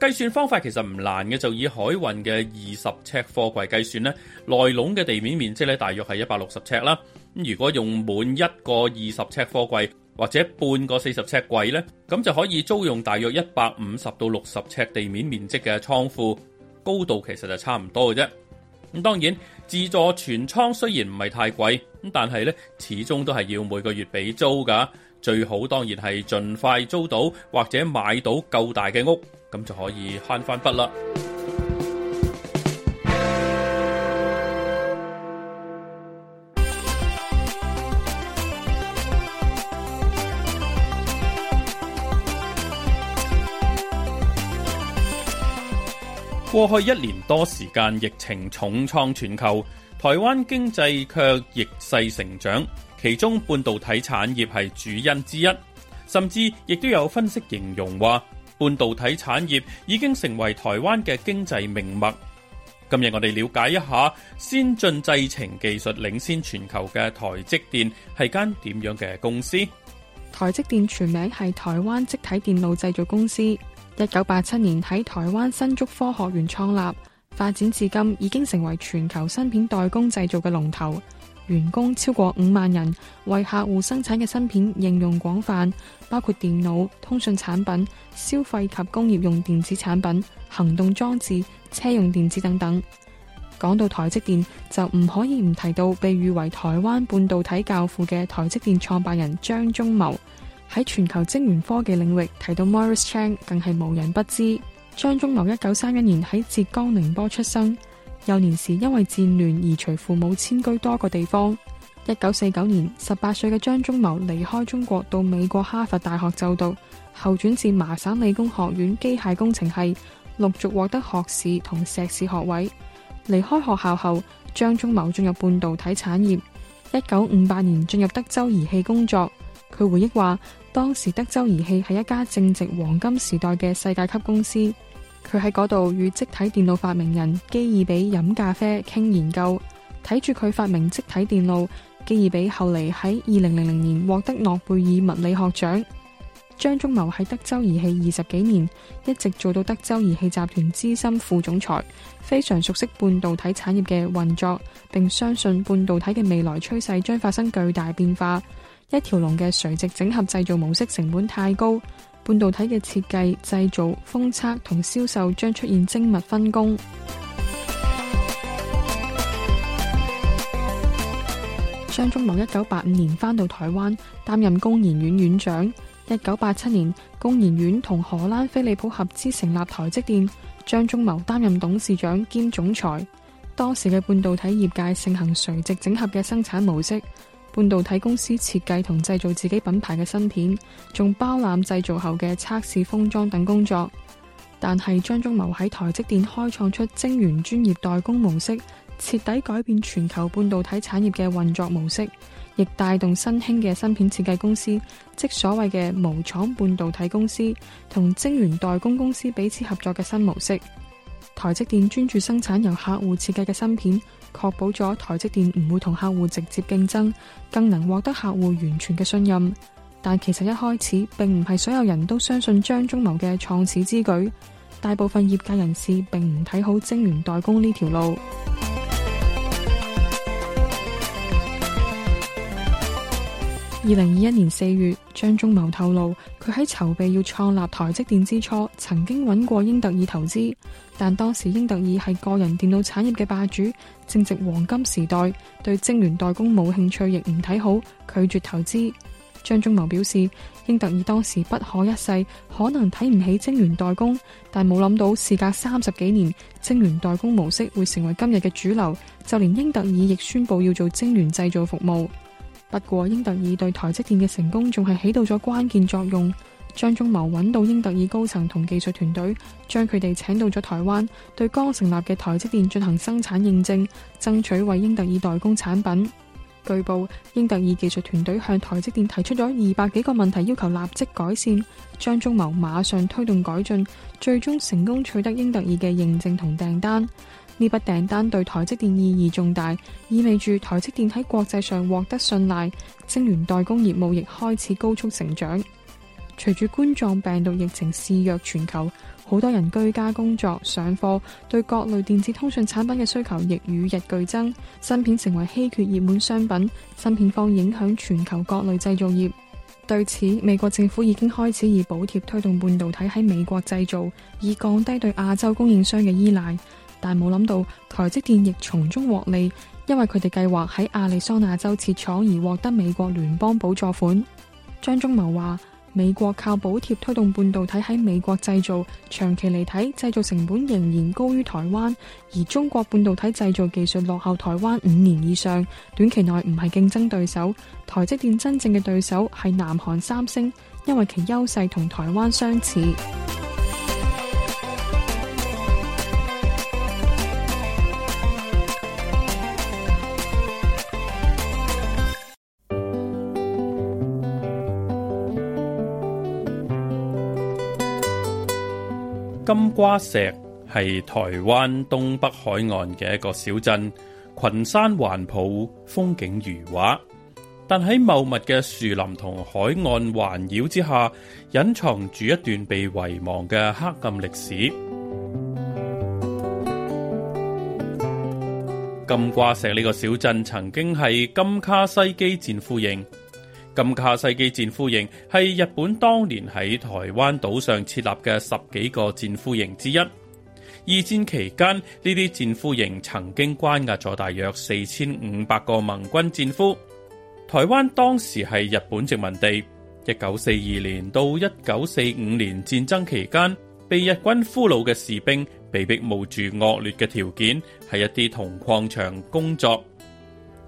計算方法其實唔難嘅，就以海運嘅二十尺貨櫃計算咧。內籠嘅地面面積呢，大約係一百六十尺啦。如果用滿一個二十尺貨櫃或者半個四十尺櫃呢，咁就可以租用大約一百五十到六十尺地面面積嘅倉庫，高度其實就差唔多嘅啫。咁當然自助存倉雖然唔係太貴，咁但係呢，始終都係要每個月俾租㗎。最好當然係盡快租到或者買到夠大嘅屋。咁就可以慳翻筆啦。過去一年多時間，疫情重創全球，台灣經濟卻逆勢成長，其中半導體產業係主因之一，甚至亦都有分析形容話。半導體產業已經成為台灣嘅經濟命脈。今日我哋了解一下先進製程技術領先全球嘅台積電係間點樣嘅公司？台積電全名係台灣積體電路製造公司，一九八七年喺台灣新竹科學園創立，發展至今已經成為全球芯片代工製造嘅龍頭。員工超過五萬人，為客戶生產嘅芯片應用廣泛，包括電腦、通訊產品、消費及工業用電子產品、行動裝置、車用電子等等。講到台積電，就唔可以唔提到被譽為台灣半導體教父嘅台積電創辦人張忠謀。喺全球晶圓科技領域，提到 Morris Chang，更係無人不知。張忠謀一九三一年喺浙江寧波出生。幼年時因為戰亂而隨父母遷居多個地方。一九四九年，十八歲嘅張忠謀離開中國到美國哈佛大學就讀，後轉至麻省理工學院機械工程系，陸續獲得學士同碩士學位。離開學校後，張忠謀進入半導體產業。一九五八年進入德州儀器工作。佢回憶話，當時德州儀器係一家正值黃金時代嘅世界級公司。佢喺嗰度與積體電路發明人基爾比飲咖啡傾研究，睇住佢發明積體電路。基爾比後嚟喺二零零零年獲得諾貝爾物理學獎。張忠謀喺德州儀器二十幾年，一直做到德州儀器集團資深副總裁，非常熟悉半導體產業嘅運作，並相信半導體嘅未來趨勢將發生巨大變化。一條龍嘅垂直整合製造模式成本太高。半導體嘅設計、製造、封測同銷售將出現精密分工。 張忠謀一九八五年返到台灣，擔任工研院院長。一九八七年，工研院同荷蘭飛利浦合資成立台積電，張忠謀擔任董事長兼總裁。當時嘅半導體業界盛行垂直整合嘅生產模式。半導體公司設計同製造自己品牌嘅芯片，仲包攬製造後嘅測試、封裝等工作。但係張忠謀喺台積電開創出晶圓專業代工模式，徹底改變全球半導體產業嘅運作模式，亦帶動新興嘅芯片設計公司，即所謂嘅無廠半導體公司，同晶圓代工公司彼此合作嘅新模式。台積電專注生產由客戶設計嘅芯片，確保咗台積電唔會同客戶直接競爭，更能獲得客戶完全嘅信任。但其實一開始並唔係所有人都相信張忠謀嘅創始之舉，大部分業界人士並唔睇好晶圓代工呢條路。二零二一年四月，張忠謀透露，佢喺籌備要創立台積電之初，曾經揾過英特爾投資，但當時英特爾係個人電腦產業嘅霸主，正值黃金時代，對晶圓代工冇興趣，亦唔睇好，拒絕投資。張忠謀表示，英特爾當時不可一世，可能睇唔起晶圓代工，但冇諗到事隔三十幾年，晶圓代工模式會成為今日嘅主流，就連英特爾亦宣布要做晶圓製造服務。不過，英特爾對台積電嘅成功仲係起到咗關鍵作用。張忠謀揾到英特爾高層同技術團隊，將佢哋請到咗台灣，對剛成立嘅台積電進行生產認證，爭取為英特爾代工產品。據報，英特爾技術團隊向台積電提出咗二百幾個問題，要求立即改善。張忠謀馬上推動改進，最終成功取得英特爾嘅認證同訂單。呢筆訂單對台積電意義重大，意味住台積電喺國際上獲得信賴。晶圓代工業務亦開始高速成長。隨住冠狀病毒疫情肆虐全球，好多人居家工作、上課，對各類電子通訊產品嘅需求亦與日俱增，芯片成為稀缺熱門商品。芯片荒影響全球各類製造業。對此，美國政府已經開始以補貼推動半導體喺美國製造，以降低對亞洲供應商嘅依賴。但冇諗到台積電亦從中獲利，因為佢哋計劃喺亞利桑那州設廠而獲得美國聯邦補助款。張忠謀話：美國靠補貼推動半導體喺美國製造，長期嚟睇製造成本仍然高於台灣，而中國半導體製造技術落後台灣五年以上，短期內唔係競爭對手。台積電真正嘅對手係南韓三星，因為其優勢同台灣相似。金瓜石係台灣東北海岸嘅一個小鎮，群山環抱，風景如畫。但喺茂密嘅樹林同海岸環繞之下，隱藏住一段被遺忘嘅黑暗歷史。金瓜石呢個小鎮曾經係金卡西基戰俘營。金卡世基戰俘營係日本當年喺台灣島上設立嘅十幾個戰俘營之一。二戰期間，呢啲戰俘營曾經關押咗大約四千五百個盟軍戰俘。台灣當時係日本殖民地，一九四二年到一九四五年戰爭期間，被日軍俘虜嘅士兵被迫冒住惡劣嘅條件，喺一啲銅礦場工作。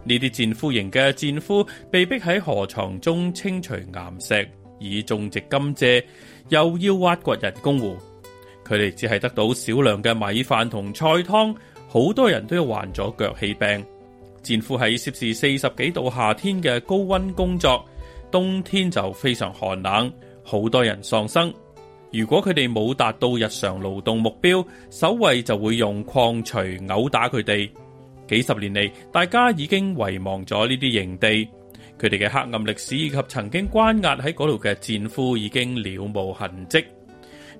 呢啲戰俘營嘅戰俘被逼喺河床中清除岩石，以種植甘蔗，又要挖掘人工湖。佢哋只係得到少量嘅米飯同菜湯，好多人都要患咗腳氣病。戰俘喺攝氏四十幾度夏天嘅高温工作，冬天就非常寒冷，好多人喪生。如果佢哋冇達到日常勞動目標，守衞就會用礦錘毆打佢哋。幾十年嚟，大家已經遺忘咗呢啲營地，佢哋嘅黑暗歷史以及曾經關押喺嗰度嘅戰俘已經了無痕跡。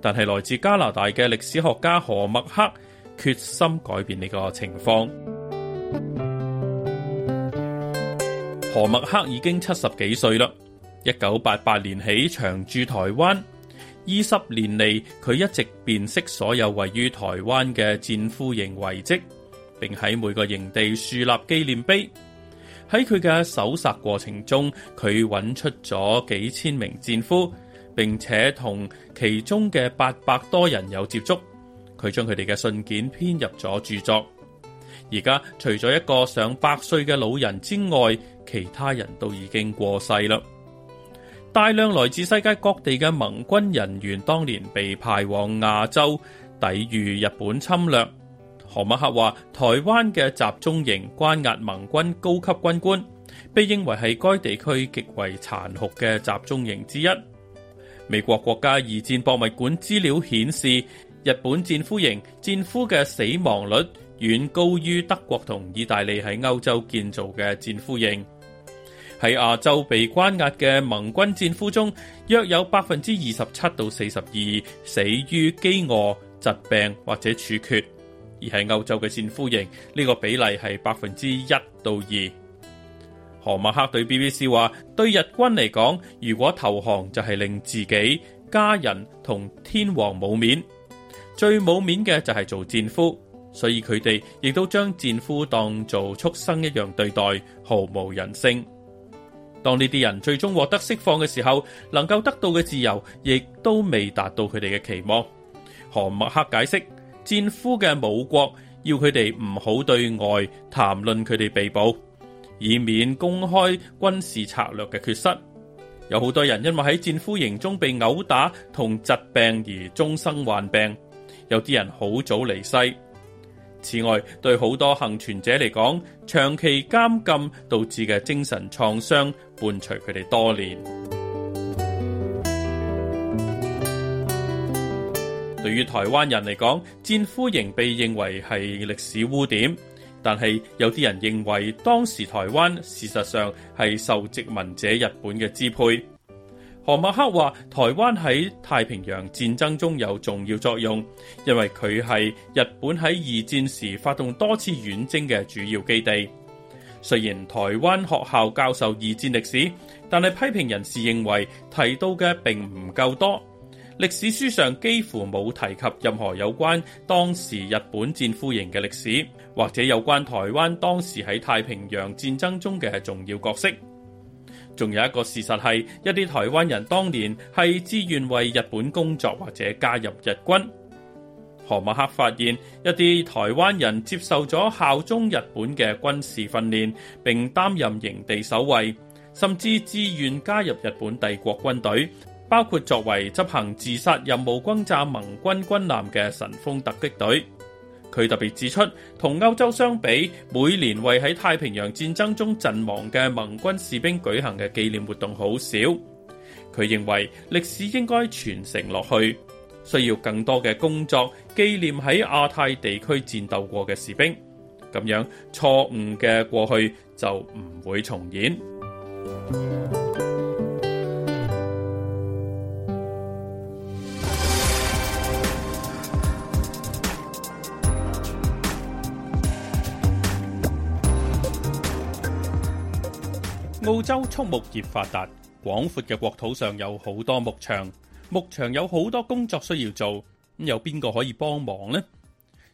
但係來自加拿大嘅歷史學家何默克決心改變呢個情況。何默克已經七十幾歲啦，一九八八年起長駐台灣，二十年嚟佢一直辨識所有位於台灣嘅戰俘營遺跡。並喺每個營地樹立紀念碑。喺佢嘅搜查過程中，佢揾出咗幾千名戰俘，並且同其中嘅八百多人有接觸。佢將佢哋嘅信件編入咗著作。而家除咗一個上百歲嘅老人之外，其他人都已經過世啦。大量來自世界各地嘅盟軍人員當年被派往亞洲，抵御日本侵略。何馬克話：台灣嘅集中營關押盟軍高級軍官，被認為係該地區極為殘酷嘅集中營之一。美國國家二戰博物館資料顯示，日本戰俘營戰俘嘅死亡率遠高於德國同意大利喺歐洲建造嘅戰俘營。喺亞洲被關押嘅盟軍戰俘中，約有百分之二十七到四十二死於飢餓、疾病或者處決。而係歐洲嘅戰俘營，呢、這個比例係百分之一到二。何麥克對 BBC 話：對日軍嚟講，如果投降就係令自己家人同天皇冇面，最冇面嘅就係做戰俘，所以佢哋亦都將戰俘當做畜生一樣對待，毫無人性。當呢啲人最終獲得釋放嘅時候，能夠得到嘅自由，亦都未達到佢哋嘅期望。何麥克解釋。戰俘嘅母國要佢哋唔好對外談論佢哋被捕，以免公開軍事策略嘅缺失。有好多人因為喺戰俘營中被毆打同疾病而終生患病，有啲人好早離世。此外，對好多幸存者嚟講，長期監禁導致嘅精神創傷伴隨佢哋多年。對於台灣人嚟講，戰俘營被認為係歷史污點，但係有啲人認為當時台灣事實上係受殖民者日本嘅支配。何馬克話：台灣喺太平洋戰爭中有重要作用，因為佢係日本喺二戰時發動多次遠征嘅主要基地。雖然台灣學校教授二戰歷史，但係批評人士認為提到嘅並唔夠多。歷史書上幾乎冇提及任何有關當時日本戰俘營嘅歷史，或者有關台灣當時喺太平洋戰爭中嘅重要角色。仲有一個事實係，一啲台灣人當年係志願為日本工作或者加入日軍。何馬克發現，一啲台灣人接受咗效忠日本嘅軍事訓練，並擔任營地守衛，甚至志願加入日本帝國軍隊。包括作為執行自殺任務轟炸盟軍軍艦嘅神風突擊隊，佢特別指出，同歐洲相比，每年為喺太平洋戰爭中陣亡嘅盟軍士兵舉行嘅紀念活動好少。佢認為歷史應該傳承落去，需要更多嘅工作紀念喺亞太地區戰鬥過嘅士兵，咁樣錯誤嘅過去就唔會重演。澳洲畜牧業發達，廣闊嘅國土上有好多牧場，牧場有好多工作需要做，咁有邊個可以幫忙呢？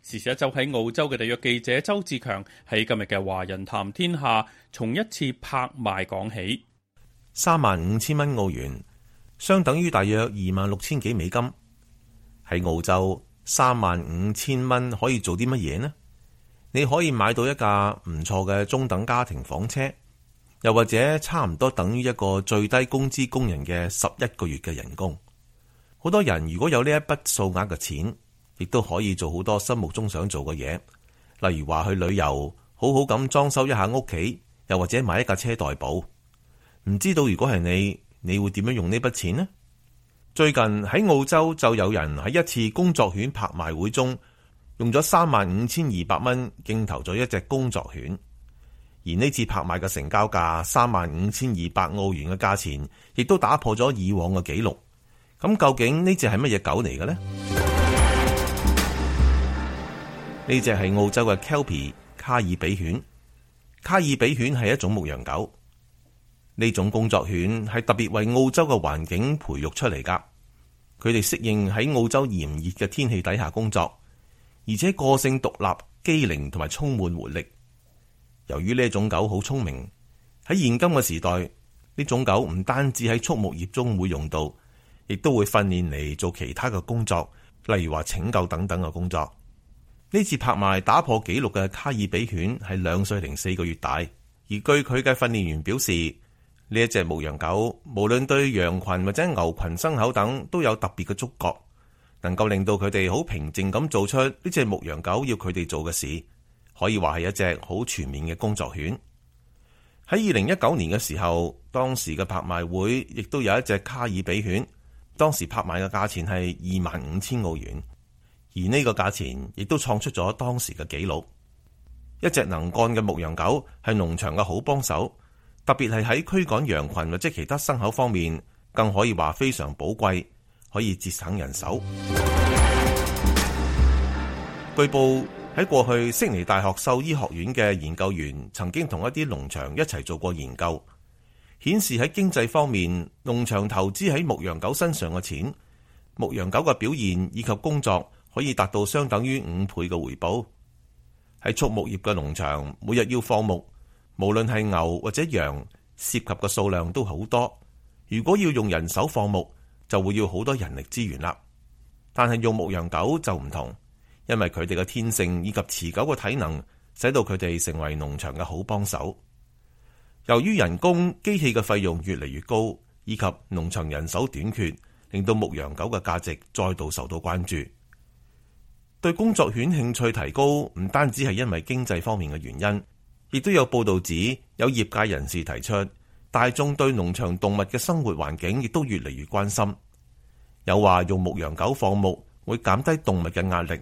時事一周就喺澳洲嘅地約記者周志強喺今日嘅華人談天下，從一次拍賣講起，三萬五千蚊澳元，相等於大約二萬六千幾美金，喺澳洲三萬五千蚊可以做啲乜嘢呢？你可以買到一架唔錯嘅中等家庭房車。又或者差唔多等於一個最低工資工人嘅十一個月嘅人工。好多人如果有呢一筆數額嘅錢，亦都可以做好多心目中想做嘅嘢，例如話去旅遊，好好咁裝修一下屋企，又或者買一架車代步。唔知道如果係你，你會點樣用呢筆錢呢？最近喺澳洲就有人喺一次工作犬拍賣會中，用咗三萬五千二百蚊競投咗一隻工作犬。而呢次拍賣嘅成交價三萬五千二百澳元嘅價錢，亦都打破咗以往嘅紀錄。咁究竟呢隻係乜嘢狗嚟嘅呢？呢隻係澳洲嘅 Kelpie 卡爾比犬。卡爾比犬係一種牧羊狗，呢種工作犬係特別為澳洲嘅環境培育出嚟噶。佢哋適應喺澳洲炎熱嘅天氣底下工作，而且個性獨立、機靈同埋充滿活力。由於呢種狗好聰明，喺現今嘅時代，呢種狗唔單止喺畜牧業中會用到，亦都會訓練嚟做其他嘅工作，例如話拯救等等嘅工作。呢次拍賣打破紀錄嘅卡爾比犬係兩歲零四個月大，而據佢嘅訓練員表示，呢一隻牧羊狗無論對羊群或者牛群牲口等都有特別嘅觸覺，能夠令到佢哋好平靜咁做出呢隻牧羊狗要佢哋做嘅事。可以話係一隻好全面嘅工作犬。喺二零一九年嘅時候，當時嘅拍賣會亦都有一隻卡爾比犬，當時拍賣嘅價錢係二萬五千澳元，而呢個價錢亦都創出咗當時嘅紀錄。一隻能幹嘅牧羊狗係農場嘅好幫手，特別係喺驅趕羊群或者其他牲口方面，更可以話非常寶貴，可以節省人手。據報。喺過去，悉尼大學獸醫學院嘅研究員曾經同一啲農場一齊做過研究，顯示喺經濟方面，農場投資喺牧羊狗身上嘅錢，牧羊狗嘅表現以及工作可以達到相等於五倍嘅回報。喺畜牧業嘅農場，每日要放牧，無論係牛或者羊，涉及嘅數量都好多。如果要用人手放牧，就會要好多人力資源啦。但係用牧羊狗就唔同。因為佢哋嘅天性以及持久嘅體能，使到佢哋成為農場嘅好幫手。由於人工機器嘅費用越嚟越高，以及農場人手短缺，令到牧羊狗嘅價值再度受到關注。對工作犬興趣提高，唔單止係因為經濟方面嘅原因，亦都有報道指有業界人士提出，大眾對農場動物嘅生活環境亦都越嚟越關心。有話用牧羊狗放牧會減低動物嘅壓力。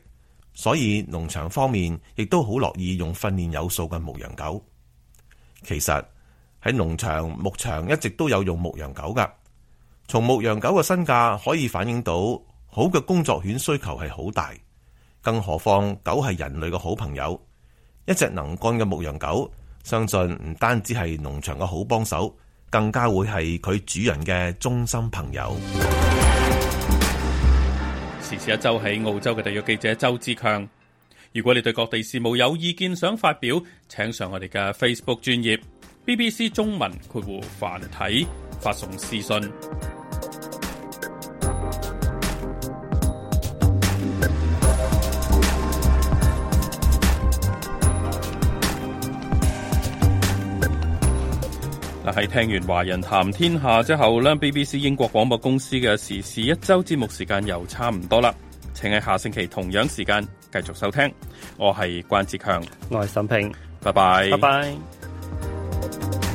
所以農場方面亦都好樂意用訓練有素嘅牧羊狗。其實喺農場牧場一直都有用牧羊狗㗎。從牧羊狗嘅身價可以反映到好嘅工作犬需求係好大。更何況狗係人類嘅好朋友，一隻能幹嘅牧羊狗，相信唔單止係農場嘅好幫手，更加會係佢主人嘅忠心朋友。時事一周喺澳洲嘅特約記者周志強。如果你對各地事務有意見想發表，請上我哋嘅 Facebook 專頁 BBC 中文括弧繁體發送私信。但係聽完華人談天下之後咧，BBC 英國廣播公司嘅時事一周節目時間又差唔多啦，請喺下星期同樣時間繼續收聽。我係關志強，我係沈平，拜拜 bye，拜拜。